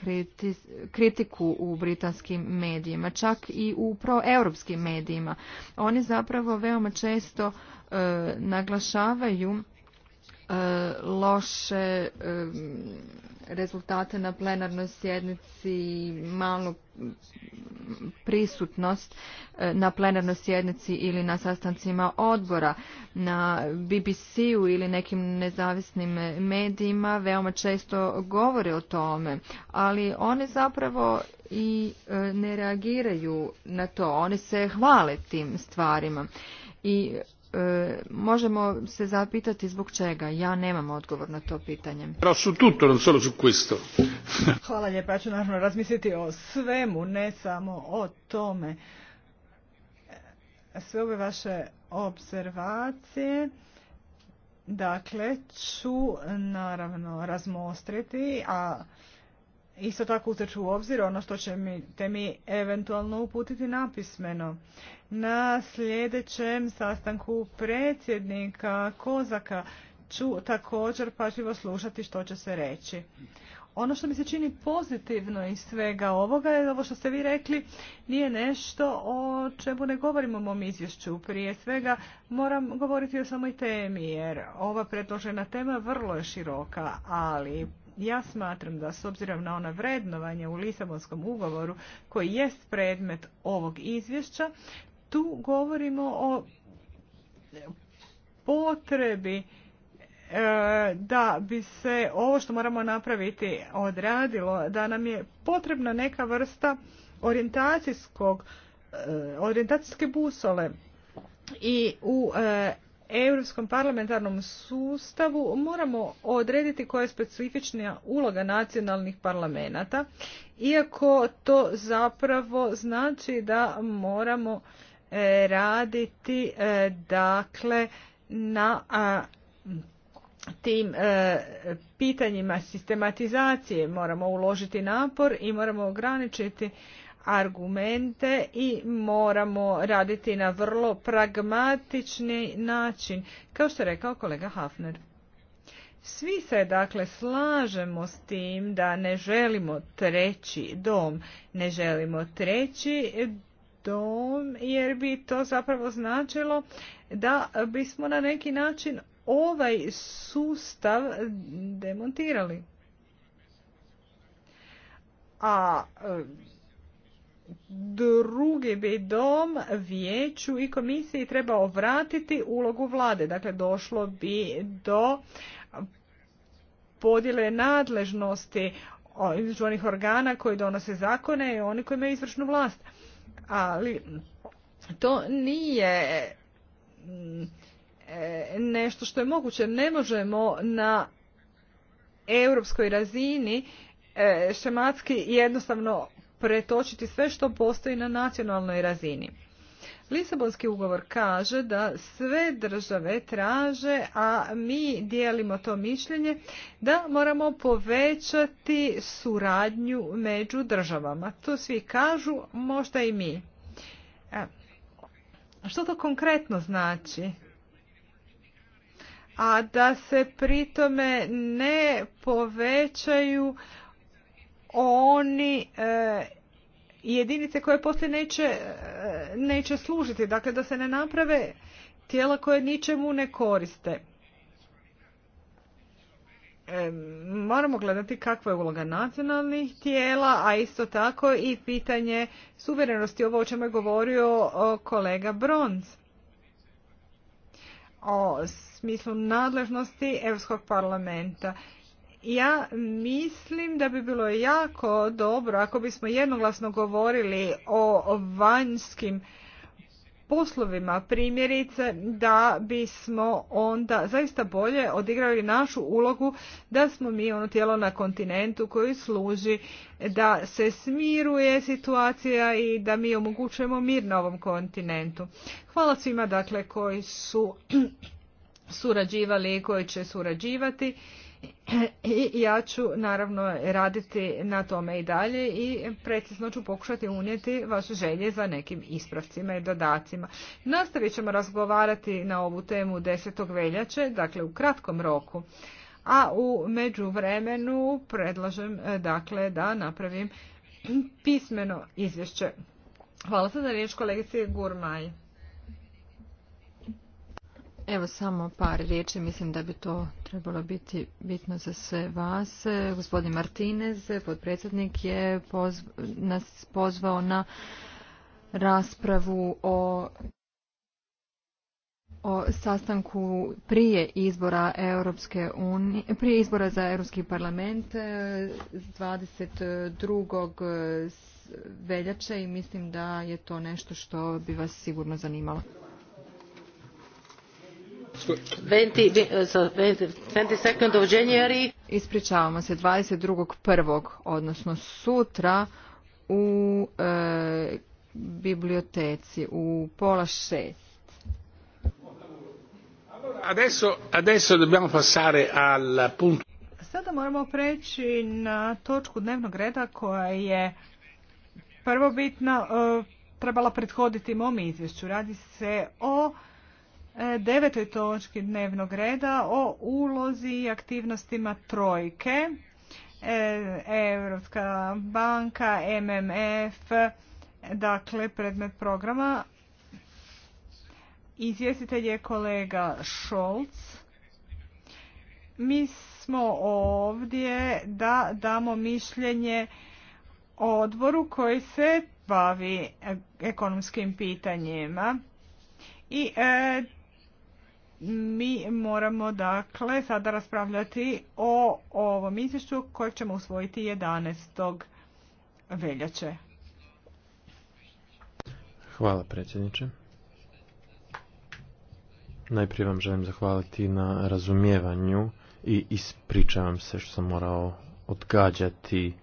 kritiku u britanskim medijima, čak i u proeuropskim medijima. Oni zapravo veoma često e, naglašavaju E, loše e, rezultate na plenarnoj sjednici, malu prisutnost e, na plenarnoj sjednici ili na sastancima odbora, na BBC-u ili nekim nezavisnim medijima veoma često govore o tome, ali oni zapravo i ne reagiraju na to, oni se hvale tim stvarima. I E, možemo se zapitati zbog čega. Ja nemam odgovor na to pitanje. Hvala lijepa, ja ću naravno razmisliti o svemu, ne samo o tome. E, sve ove vaše observacije dakle ću naravno razmostriti, a Isto tako uzeti u obzir ono što će mi, te mi eventualno uputiti napismeno. Na sljedećem sastanku predsjednika Kozaka ću također pažljivo slušati što će se reći. Ono što mi se čini pozitivno iz svega ovoga je ovo što ste vi rekli nije nešto o čemu ne govorimo u mom izvješću. Prije svega moram govoriti o samoj temi jer ova predložena tema vrlo je široka, ali ja smatram da s obzirom na ona vrednovanje u Lisabonskom ugovoru koji jest predmet ovog izvješća, tu govorimo o potrebi e, da bi se ovo što moramo napraviti odradilo, da nam je potrebna neka vrsta orijentacijskog, e, orijentacijske busole i u e, europskom parlamentarnom sustavu moramo odrediti koja je specifičnija uloga nacionalnih parlamenata, iako to zapravo znači da moramo e, raditi e, dakle na tim e, pitanjima sistematizacije moramo uložiti napor i moramo ograničiti argumente i moramo raditi na vrlo pragmatični način, kao što je rekao kolega Hafner. Svi se dakle slažemo s tim da ne želimo treći dom, ne želimo treći dom jer bi to zapravo značilo da bismo na neki način ovaj sustav demontirali. A drugi bi dom vijeću i komisiji trebao vratiti ulogu vlade. Dakle, došlo bi do podjele nadležnosti između onih organa koji donose zakone i oni koji imaju izvršnu vlast. Ali to nije mm, e, nešto što je moguće. Ne možemo na europskoj razini e, šematski jednostavno pretočiti sve što postoji na nacionalnoj razini. Lisabonski ugovor kaže da sve države traže, a mi dijelimo to mišljenje, da moramo povećati suradnju među državama. To svi kažu, možda i mi. E, što to konkretno znači? A da se pritome ne povećaju oni e, jedinice koje poslije neće, e, neće služiti, dakle da se ne naprave tijela koje ničemu ne koriste. E, moramo gledati kakva je uloga nacionalnih tijela, a isto tako i pitanje suverenosti, ovo o čemu je govorio kolega Bronz o smislu nadležnosti Europskog parlamenta ja mislim da bi bilo jako dobro ako bismo jednoglasno govorili o vanjskim poslovima primjerice da bismo onda zaista bolje odigrali našu ulogu da smo mi ono tijelo na kontinentu koji služi da se smiruje situacija i da mi omogućujemo mir na ovom kontinentu. Hvala svima dakle koji su surađivali i koji će surađivati i ja ću naravno raditi na tome i dalje i precizno ću pokušati unijeti vaše želje za nekim ispravcima i dodacima. Nastavit ćemo razgovarati na ovu temu 10. veljače, dakle u kratkom roku. A u međuvremenu predlažem e, dakle da napravim pismeno izvješće. Hvala sada riječ kolegici Gurmaj. Evo samo par riječi, mislim da bi to trebalo biti bitno za sve vas. Gospodin Martinez, potpredsjednik je nas pozvao na raspravu o o sastanku prije izbora Europske unije, prije izbora za Europski parlament 22. Eh, eh, veljače i mislim da je to nešto što bi vas sigurno zanimalo. 20, eh, Ispričavamo se, 22.1. odnosno sutra u eh, biblioteci u pola šest. Sada moramo preći na točku dnevnog reda koja je prvobitna eh, trebala prethoditi mom izvješću. Radi se o devetoj točki dnevnog reda o ulozi i aktivnostima trojke, Europska banka, MMF, dakle predmet programa. Izvjestitelj je kolega Scholz. Mi smo ovdje da damo mišljenje o odboru koji se bavi ekonomskim pitanjima. I e, mi moramo dakle sada raspravljati o ovom izvješću kojeg ćemo usvojiti 11. veljače. Hvala predsjedniče. Najprije vam želim zahvaliti na razumijevanju i ispričavam se što sam morao odgađati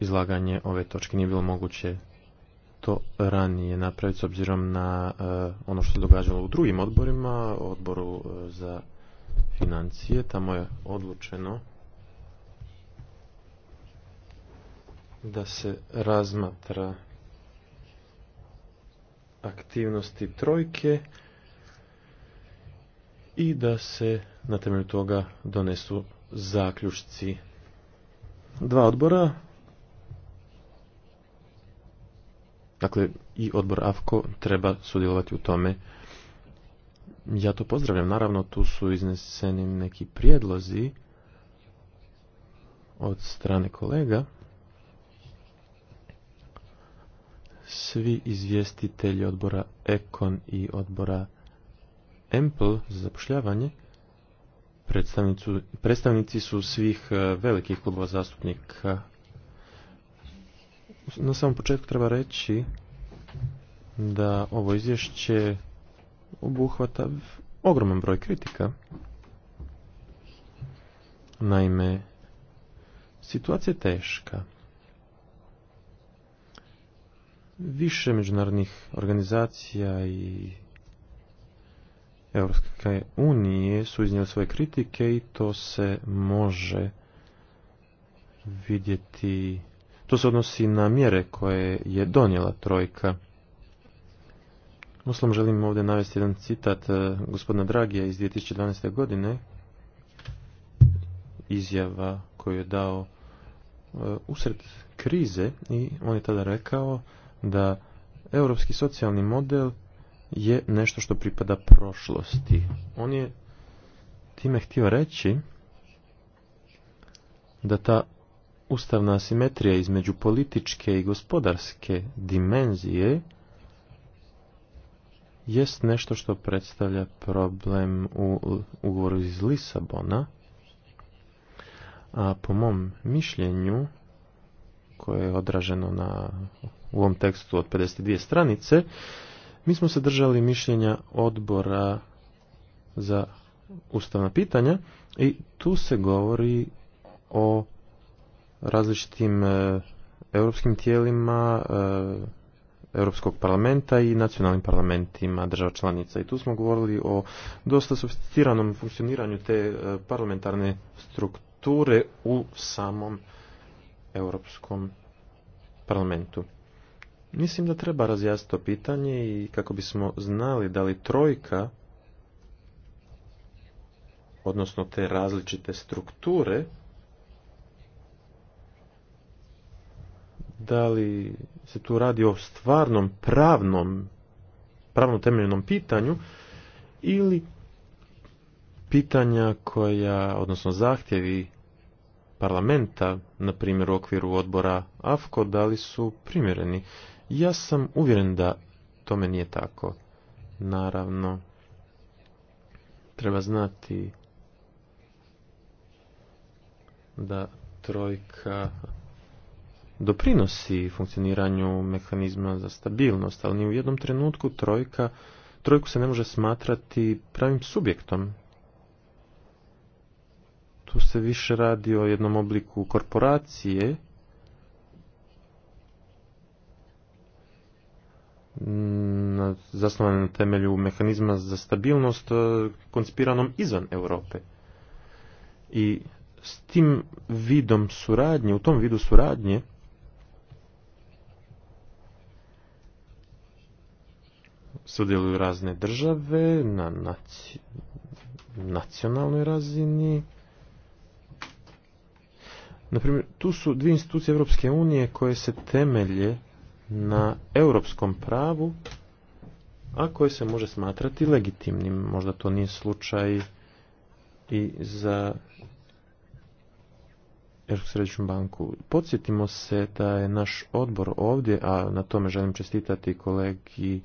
izlaganje ove točke. Nije bilo moguće to ranije napraviti s obzirom na e, ono što se događalo u drugim odborima, odboru e, za financije, tamo je odlučeno da se razmatra aktivnosti trojke i da se na temelju toga donesu zaključci. Dva odbora, Dakle, i odbor AFKO treba sudjelovati u tome. Ja to pozdravljam. Naravno, tu su izneseni neki prijedlozi od strane kolega. Svi izvjestitelji odbora Ekon i odbora EMPL za zapošljavanje predstavnici su svih eh, velikih klubova zastupnika na samom početku treba reći da ovo izvješće obuhvata ogroman broj kritika. Naime, situacija je teška. Više međunarodnih organizacija i Europske unije su iznijeli svoje kritike i to se može vidjeti to se odnosi na mjere koje je donijela trojka. Uslom želim ovdje navesti jedan citat e, gospodina Dragija iz 2012. godine, izjava koju je dao e, usred krize i on je tada rekao da europski socijalni model je nešto što pripada prošlosti. On je time htio reći da ta ustavna asimetrija između političke i gospodarske dimenzije jest nešto što predstavlja problem u ugovoru iz Lisabona, a po mom mišljenju, koje je odraženo na, u ovom tekstu od 52 stranice, mi smo se držali mišljenja odbora za ustavna pitanja i tu se govori o različitim e, europskim tijelima e, Europskog parlamenta i nacionalnim parlamentima država članica. I tu smo govorili o dosta sofisticiranom funkcioniranju te e, parlamentarne strukture u samom Europskom parlamentu. Mislim da treba razjasniti to pitanje i kako bismo znali da li trojka, odnosno te različite strukture, da li se tu radi o stvarnom pravnom, pravno temeljnom pitanju ili pitanja koja, odnosno zahtjevi parlamenta, na primjer u okviru odbora AFKO, da li su primjereni. Ja sam uvjeren da tome nije tako. Naravno, treba znati da trojka doprinosi funkcioniranju mehanizma za stabilnost, ali ni u jednom trenutku trojka, trojku se ne može smatrati pravim subjektom. Tu se više radi o jednom obliku korporacije, zasnovane na temelju mehanizma za stabilnost e, konspiranom izvan Europe. I s tim vidom suradnje, u tom vidu suradnje, sudjeluju razne države na nacionalnoj razini. Naprimjer, tu su dvije institucije Europske unije koje se temelje na europskom pravu, a koje se može smatrati legitimnim. Možda to nije slučaj i za Europsku središnju banku. Podsjetimo se da je naš odbor ovdje, a na tome želim čestitati kolegi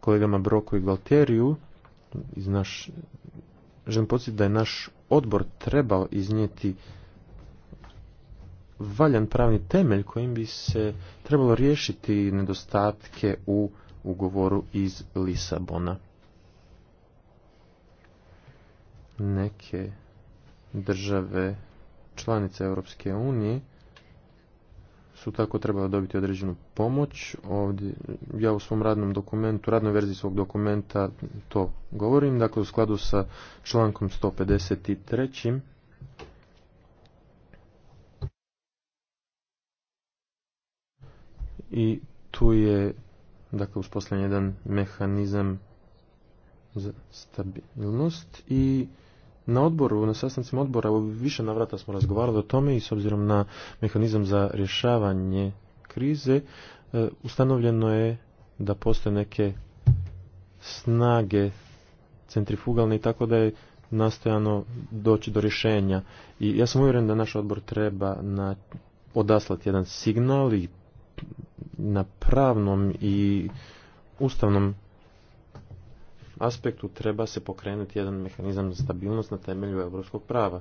kolegama Broku i Galteriju, iz naš, želim podsjetiti da je naš odbor trebao iznijeti valjan pravni temelj kojim bi se trebalo riješiti nedostatke u ugovoru iz Lisabona. Neke države članice Europske unije su tako trebali dobiti određenu pomoć. Ovdje, ja u svom radnom dokumentu, radnoj verziji svog dokumenta to govorim, dakle u skladu sa člankom 153. I tu je dakle uspostavljen jedan mehanizam za stabilnost i na odboru, na sastancima odbora više navrata smo razgovarali o tome i s obzirom na mehanizam za rješavanje krize e, ustanovljeno je da postoje neke snage centrifugalne i tako da je nastojano doći do rješenja. I ja sam uvjeren da naš odbor treba na, odaslati jedan signal i na pravnom i ustavnom aspektu treba se pokrenuti jedan mehanizam za stabilnost na temelju europskog prava.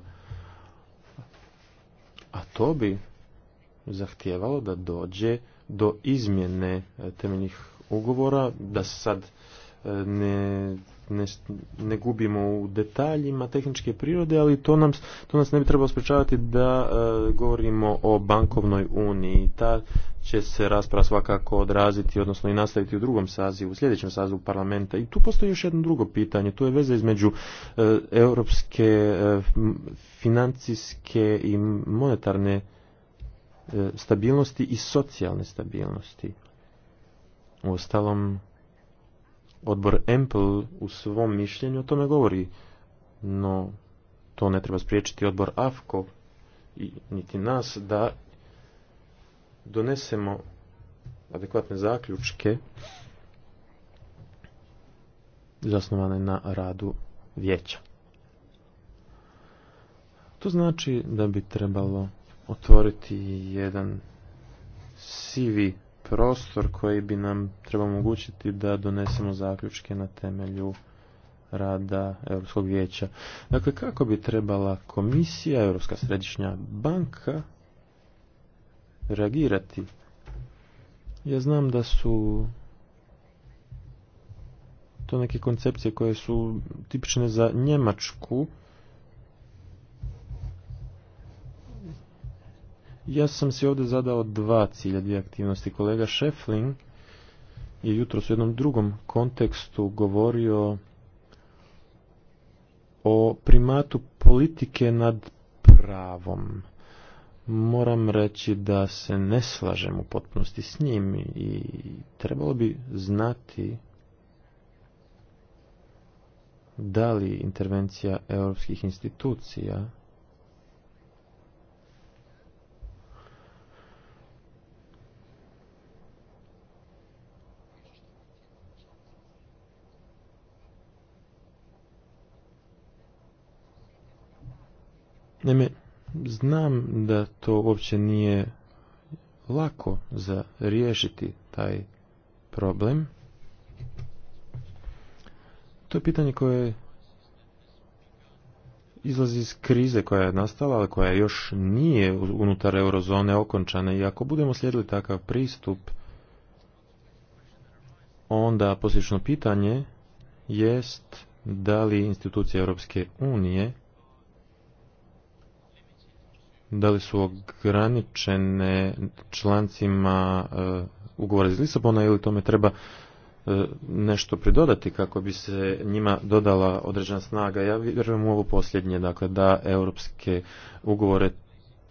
A to bi zahtijevalo da dođe do izmjene temeljnih ugovora, da se sad ne, ne, ne gubimo u detaljima tehničke prirode, ali to, nam, to nas ne bi trebalo sprečavati da e, govorimo o bankovnoj uniji. Ta će se rasprava svakako odraziti, odnosno i nastaviti u drugom sazivu, u sljedećem sazivu parlamenta. I tu postoji još jedno drugo pitanje, Tu je veza između e, europske e, financijske i monetarne stabilnosti i socijalne stabilnosti. Uostalom, odbor EMPL u svom mišljenju o tome govori, no to ne treba spriječiti odbor i niti nas, da donesemo adekvatne zaključke zasnovane na radu vijeća. To znači da bi trebalo otvoriti jedan sivi prostor koji bi nam trebao omogućiti da donesemo zaključke na temelju rada Europskog vijeća. Dakle, kako bi trebala komisija, Europska središnja banka, reagirati? Ja znam da su to neke koncepcije koje su tipične za Njemačku, Ja sam si ovdje zadao dva cilja, dvije aktivnosti. Kolega Šefling je jutro u jednom drugom kontekstu govorio o primatu politike nad pravom. Moram reći da se ne slažem u potpunosti s njim i trebalo bi znati da li intervencija europskih institucija Naime, znam da to uopće nije lako za riješiti taj problem. To je pitanje koje izlazi iz krize koja je nastala, ali koja još nije unutar eurozone okončana i ako budemo slijedili takav pristup, onda poslično pitanje jest da li institucije Europske unije da li su ograničene člancima e, ugovora iz Lisabona ili tome treba e, nešto pridodati kako bi se njima dodala određena snaga. Ja vjerujem u ovo posljednje, dakle da europske ugovore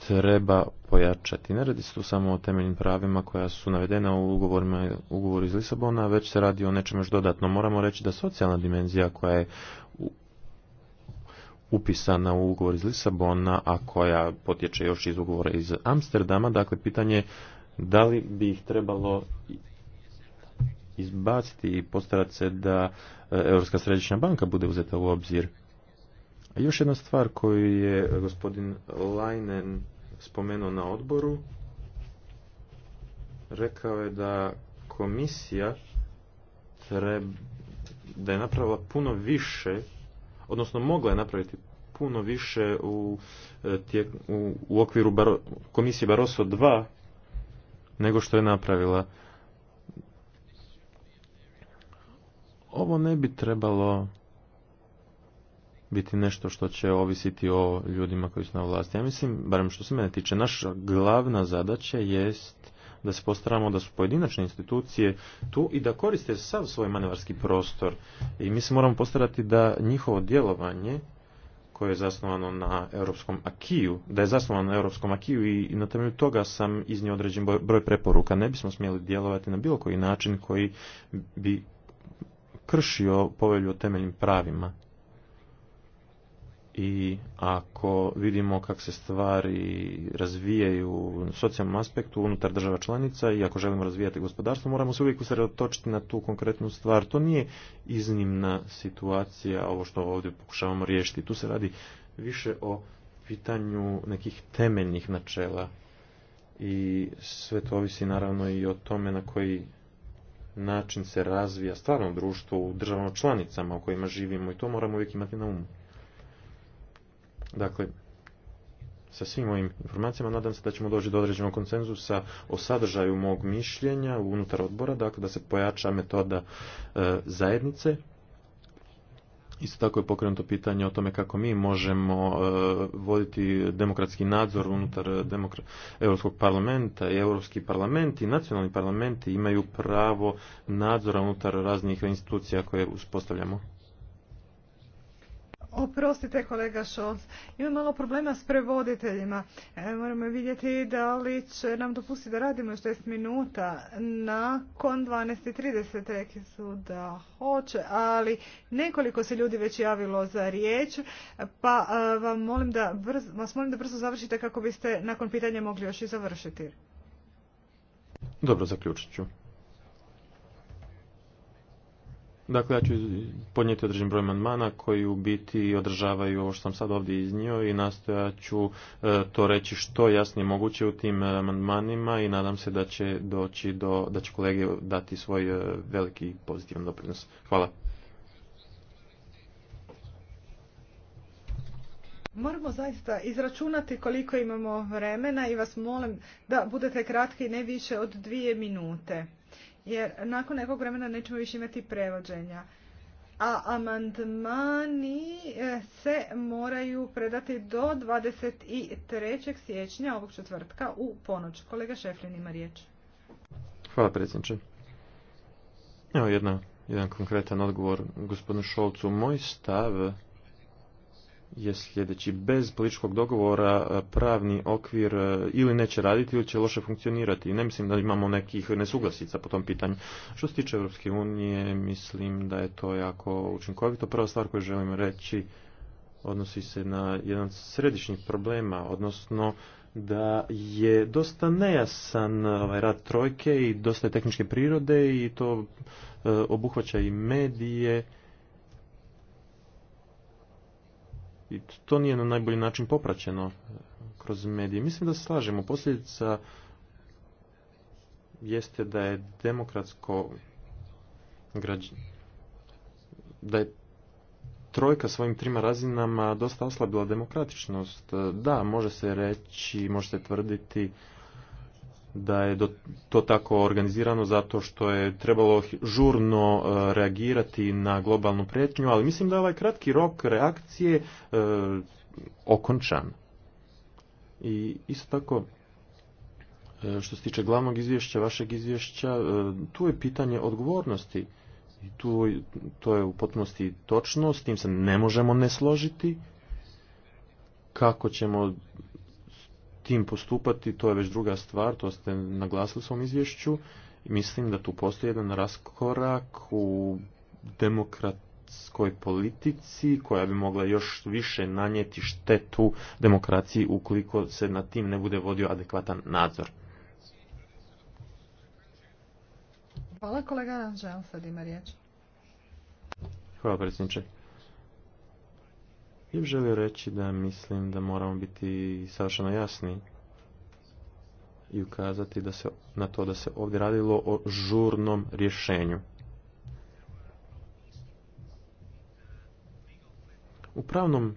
treba pojačati. Ne radi se tu samo o temeljnim pravima koja su navedena u ugovorima, ugovoru iz Lisabona, već se radi o nečem još dodatno. Moramo reći da socijalna dimenzija koja je upisana u ugovor iz Lisabona, a koja potječe još iz ugovora iz Amsterdama. Dakle, pitanje da li bi ih trebalo izbaciti i postarati se da e, Europska središnja banka bude uzeta u obzir. A još jedna stvar koju je gospodin Leinen spomenuo na odboru, rekao je da komisija treba, da je napravila puno više odnosno mogla je napraviti puno više u, e, u, okviru komisije Barroso 2 nego što je napravila. Ovo ne bi trebalo biti nešto što će ovisiti o ljudima koji su na vlasti. Ja mislim, barem što se mene tiče, naša glavna zadaća jest da se postaramo da su pojedinačne institucije tu i da koriste sav svoj manevarski prostor. I mi se moramo postarati da njihovo djelovanje koje je zasnovano na europskom akiju, da je zasnovano na europskom akiju i na temelju toga sam iznio određen broj preporuka. Ne bismo smjeli djelovati na bilo koji način koji bi kršio povelju o temeljnim pravima i ako vidimo kako se stvari razvijaju u socijalnom aspektu unutar država članica i ako želimo razvijati gospodarstvo, moramo se uvijek usredotočiti na tu konkretnu stvar. To nije iznimna situacija, ovo što ovdje pokušavamo riješiti. Tu se radi više o pitanju nekih temeljnih načela i sve to ovisi naravno i o tome na koji način se razvija stvarno društvo u državama članicama u kojima živimo i to moramo uvijek imati na umu. Dakle, sa svim mojim informacijama nadam se da ćemo doći do određenog konsenzusa o sadržaju mog mišljenja unutar odbora, dakle da se pojača metoda e, zajednice. Isto tako je pokrenuto pitanje o tome kako mi možemo e, voditi demokratski nadzor unutar e, demokra Europskog parlamenta i Europski parlament i nacionalni parlamenti imaju pravo nadzora unutar raznih institucija koje uspostavljamo. Oprostite kolega Scholz, imam malo problema s prevoditeljima. E, moramo vidjeti da li će nam dopustiti da radimo još 10 minuta nakon 12.30. Rekli su da hoće, ali nekoliko se ljudi već javilo za riječ, pa e, molim da vas molim da brzo završite kako biste nakon pitanja mogli još i završiti. Dobro, zaključit ću. Dakle, ja ću podnijeti određen broj manmana koji u biti održavaju ovo što sam sad ovdje iznio i nastojaću ću e, to reći što jasnije moguće u tim e, amandmanima i nadam se da će doći do, da će kolege dati svoj e, veliki pozitivan doprinos. Hvala. Moramo zaista izračunati koliko imamo vremena i vas molim da budete kratki ne više od dvije minute jer nakon nekog vremena nećemo više imati prevođenja. A amandmani eh, se moraju predati do 23. siječnja ovog četvrtka u ponoć. Kolega Šeflin ima riječ. Hvala predsjedniče. Evo jedna, jedan konkretan odgovor gospodinu Šolcu. Moj stav je sljedeći. Bez političkog dogovora e, pravni okvir e, ili neće raditi ili će loše funkcionirati. Ne mislim da imamo nekih nesuglasica po tom pitanju. Što se tiče Europske unije, mislim da je to jako učinkovito. Prva stvar koju želim reći odnosi se na jedan središnjih problema, odnosno da je dosta nejasan e, ovaj rad trojke i dosta je tehničke prirode i to obuhvaća i medije i to nije na najbolji način popraćeno e, kroz medije. Mislim da se slažemo. Posljedica jeste da je demokratsko građan da je trojka svojim trima razinama dosta oslabila demokratičnost. E, da, može se reći, može se tvrditi da je to tako organizirano zato što je trebalo žurno e, reagirati na globalnu prijetnju, ali mislim da je ovaj kratki rok reakcije e, okončan. I isto tako, e, što se tiče glavnog izvješća, vašeg izvješća, tu je pitanje odgovornosti. I tu, to je u potpunosti točno, s tim se ne možemo ne složiti. Kako ćemo tim postupati, to je već druga stvar, to ste naglasili u svom izvješću. i Mislim da tu postoji jedan raskorak u demokratskoj politici koja bi mogla još više nanijeti štetu demokraciji ukoliko se na tim ne bude vodio adekvatan nadzor. Hvala kolega sad ima riječ. Hvala predsjedniče. Ja bih želio reći da mislim da moramo biti savršeno jasni i ukazati da se, na to da se ovdje radilo o žurnom rješenju. U pravnom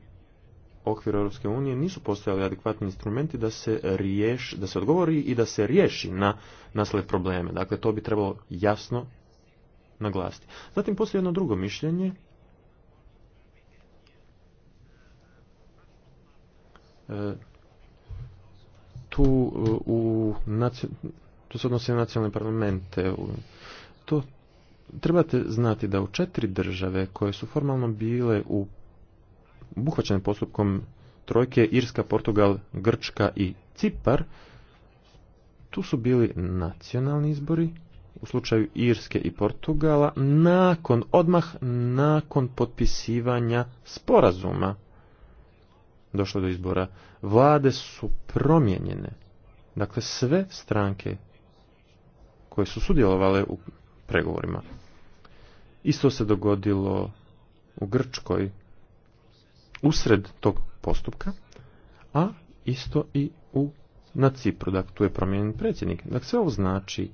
okviru Europske unije nisu postojali adekvatni instrumenti da se riješ, da se odgovori i da se riješi na nasle probleme. Dakle, to bi trebalo jasno naglasiti. Zatim postoji jedno drugo mišljenje E, tu e, u tu se odnosi na nacionalne parlamente to trebate znati da u četiri države koje su formalno bile u obuhvaćene postupkom trojke Irska, Portugal, Grčka i Cipar tu su bili nacionalni izbori u slučaju Irske i Portugala nakon odmah nakon potpisivanja sporazuma došlo do izbora. Vlade su promijenjene. Dakle, sve stranke koje su sudjelovale u pregovorima. Isto se dogodilo u Grčkoj usred tog postupka, a isto i u na Cipru, dakle tu je promijenjen predsjednik. Dakle, sve ovo znači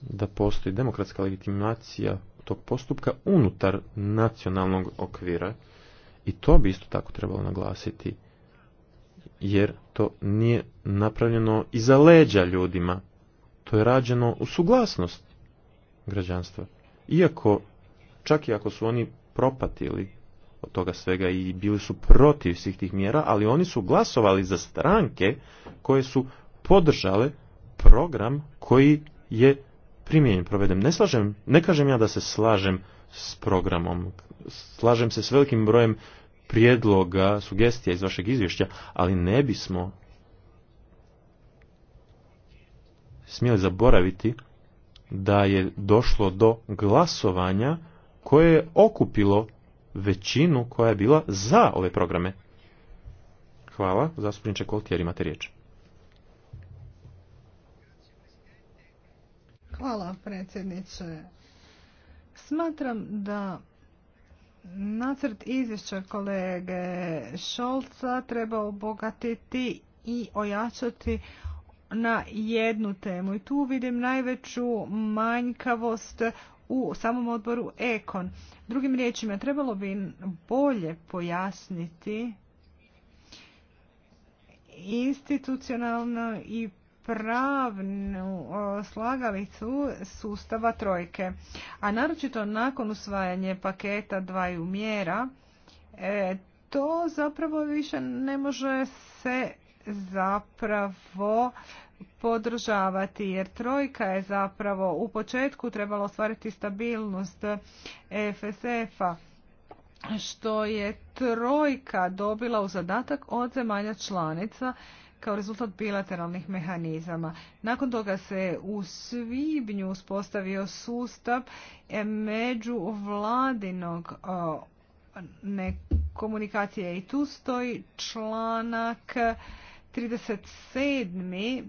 da postoji demokratska legitimacija tog postupka unutar nacionalnog okvira i to bi isto tako trebalo naglasiti, jer to nije napravljeno iza leđa ljudima. To je rađeno u suglasnost građanstva. Iako, čak i ako su oni propatili od toga svega i bili su protiv svih tih mjera, ali oni su glasovali za stranke koje su podržale program koji je primijenjen, proveden. Ne slažem, ne kažem ja da se slažem s programom. Slažem se s velikim brojem prijedloga, sugestija iz vašeg izvješća, ali ne bismo smjeli zaboraviti da je došlo do glasovanja koje je okupilo većinu koja je bila za ove programe. Hvala, zastupniče Koltijer, imate riječ. Hvala, predsjedniče. Smatram da nacrt izvješća kolege Šolca treba obogatiti i ojačati na jednu temu. I tu vidim najveću manjkavost u samom odboru Ekon. Drugim riječima, trebalo bi bolje pojasniti institucionalno i pravnu slagalicu sustava trojke. A naročito nakon usvajanja paketa dvaju mjera, e, to zapravo više ne može se zapravo podržavati jer trojka je zapravo u početku trebala ostvariti stabilnost FSF-a što je trojka dobila u zadatak od zemalja članica kao rezultat bilateralnih mehanizama. Nakon toga se u svibnju uspostavio sustav e, međuvladinog ne, komunikacije i tu stoji članak 37.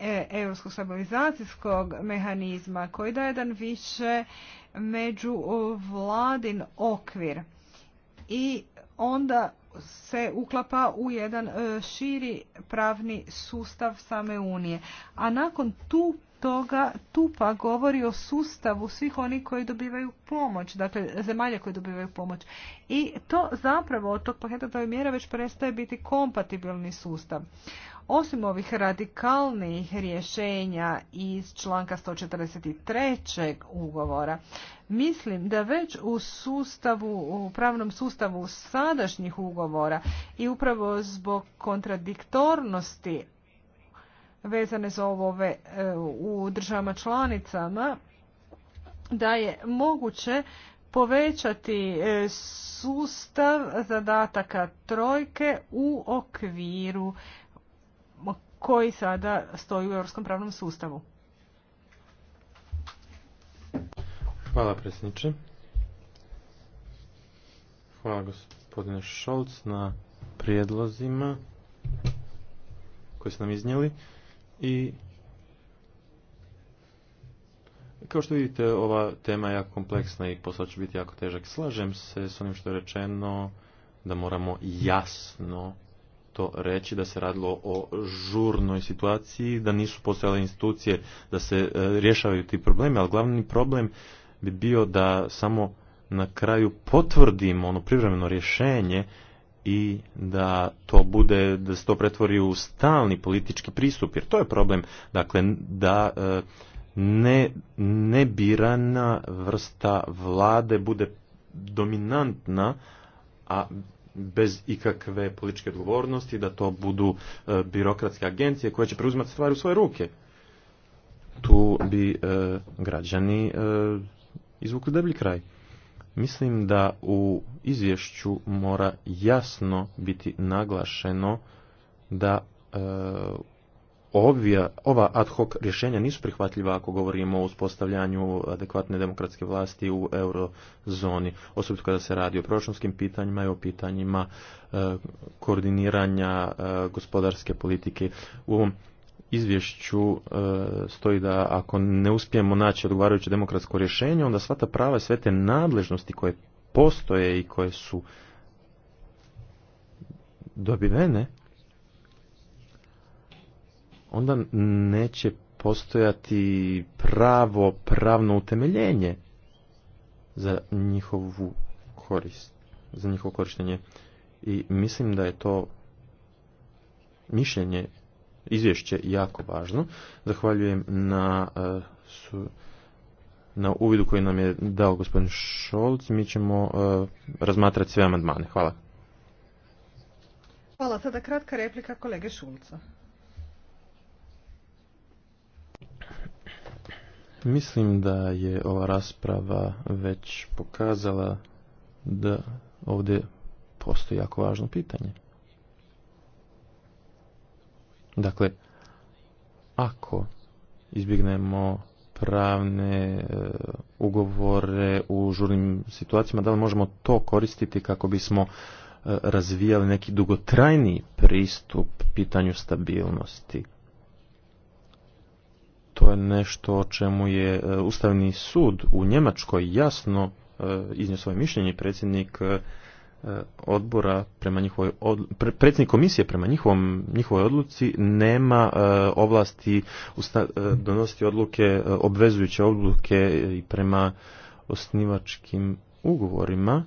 E, Europskog stabilizacijskog mehanizma koji daje dan više među vladin okvir. I onda se uklapa u jedan e, širi pravni sustav same Unije. A nakon tu toga Tupa govori o sustavu svih oni koji dobivaju pomoć, dakle zemalja koje dobivaju pomoć. I to zapravo od tog paketa je mjera već prestaje biti kompatibilni sustav. Osim ovih radikalnih rješenja iz članka 143. ugovora, mislim da već u sustavu, u pravnom sustavu sadašnjih ugovora i upravo zbog kontradiktornosti vezane za ovo e, u državama članicama, da je moguće povećati e, sustav zadataka trojke u okviru koji sada stoji u europskom pravnom sustavu. Hvala predsjedniče. Hvala gospodine Šolc na prijedlozima koje ste nam iznijeli i kao što vidite, ova tema je jako kompleksna i posao će biti jako težak. Slažem se s onim što je rečeno da moramo jasno to reći da se radilo o žurnoj situaciji, da nisu postojale institucije da se e, rješavaju ti problemi, ali glavni problem bi bio da samo na kraju potvrdimo ono privremeno rješenje i da to bude, da se to pretvori u stalni politički pristup, jer to je problem, dakle, da e, ne, nebirana vrsta vlade bude dominantna, a bez ikakve političke odgovornosti, da to budu e, birokratske agencije koje će preuzimati stvari u svoje ruke. Tu bi e, građani e, izvukli deblji kraj. Mislim da u izvješću mora jasno biti naglašeno da e, ova ad hoc rješenja nisu prihvatljiva ako govorimo o uspostavljanju adekvatne demokratske vlasti u eurozoni, osobito kada se radi o proračunskim pitanjima i o pitanjima e, koordiniranja e, gospodarske politike. U ovom izvješću e, stoji da ako ne uspijemo naći odgovarajuće demokratsko rješenje, onda sva ta prava i sve te nadležnosti koje postoje i koje su dobivene onda neće postojati pravo, pravno utemeljenje za njihovu korist, za njihovo korištenje. I mislim da je to mišljenje, izvješće jako važno. Zahvaljujem na, e, na uvidu koji nam je dao gospodin Šolc. Mi ćemo e, razmatrati sve amandmane. Hvala. Hvala. Sada kratka replika kolege Šulca. Mislim da je ova rasprava već pokazala da ovdje postoji jako važno pitanje. Dakle, ako izbjegnemo pravne e, ugovore u žurnim situacijama, da li možemo to koristiti kako bismo e, razvijali neki dugotrajni pristup pitanju stabilnosti? To je nešto o čemu je e, Ustavni sud u Njemačkoj jasno e, iznio svoje mišljenje predsjednik e, odbora prema njihovoj predsjednik komisije prema njihovom, njihovoj odluci nema ovlasti donositi odluke obvezujuće odluke i prema osnivačkim ugovorima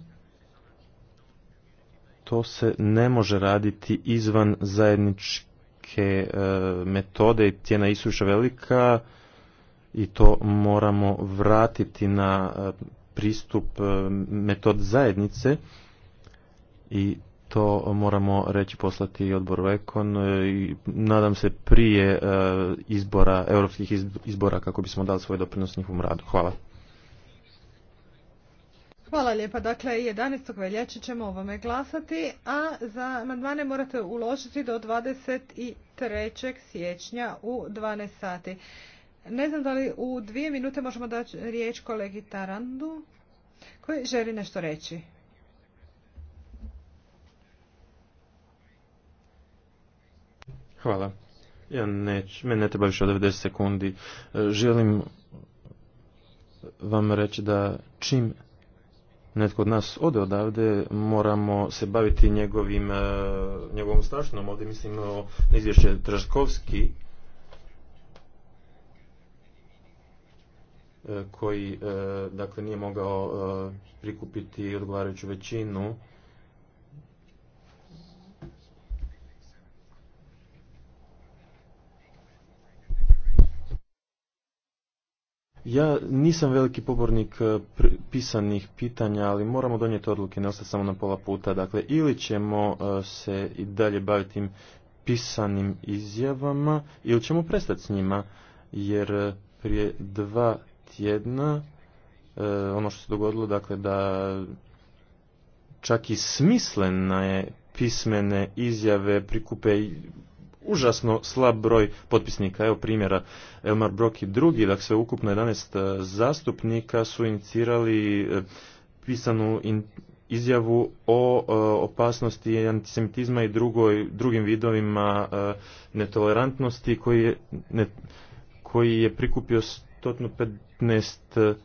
to se ne može raditi izvan zajedničkih. E, metode i cijena isuša velika i to moramo vratiti na e, pristup e, metod zajednice i to moramo reći poslati odboru Ekon i nadam se prije izbora, europskih izbora kako bismo dali svoj doprinos njihovom radu. Hvala. Hvala lijepa. Dakle, 11. veljače ćemo ovome glasati, a za amandmane morate uložiti do 23. siječnja u 12 sati. Ne znam da li u dvije minute možemo dati riječ kolegi Tarandu koji želi nešto reći. Hvala. Ja neću, meni ne treba više od 90 sekundi. E, želim vam reći da čim netko od nas ode odavde, moramo se baviti njegovim, e, njegovom strašnom. Ovdje mislim o izvješće Tržkovski e, koji e, dakle nije mogao prikupiti odgovarajuću većinu Ja nisam veliki pobornik e, pisanih pitanja, ali moramo donijeti odluke, ne ostati samo na pola puta. Dakle, ili ćemo e, se i dalje baviti tim pisanim izjavama, ili ćemo prestati s njima, jer e, prije dva tjedna ono što se dogodilo, dakle, da čak i smislene pismene izjave prikupe užasno slab broj potpisnika. Evo primjera, Elmar Brok i drugi, dakle ukupno 11 e, zastupnika su inicirali e, pisanu izjavu o e, opasnosti antisemitizma i drugoj, drugim vidovima netolerantnosti koji je, ne, koji je prikupio 115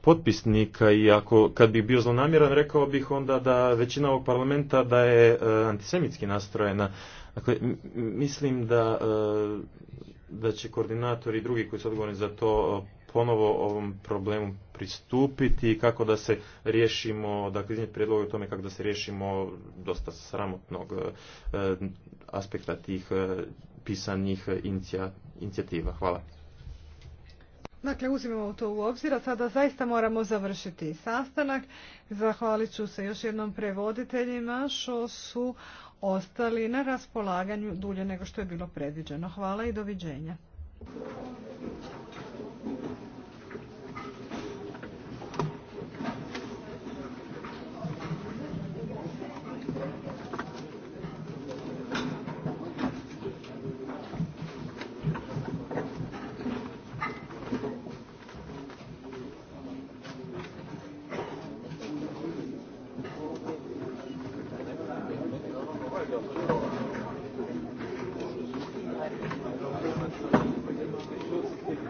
potpisnika i ako kad bih bio zlonamjeran rekao bih onda da većina ovog parlamenta da je antisemitski nastrojena Dakle, mislim da, e, da će koordinatori i drugi koji su odgovorni za to e, ponovo ovom problemu pristupiti i kako da se riješimo, dakle iznijeti prijedlog o tome kako da se riješimo dosta sramotnog e, aspekta tih pisanih inicijativa. Hvala. Dakle, uzimamo to u obzir, a sada zaista moramo završiti sastanak. Zahvalit ću se još jednom prevoditeljima što su ostali na raspolaganju dulje nego što je bilo predviđeno. Hvala i doviđenja.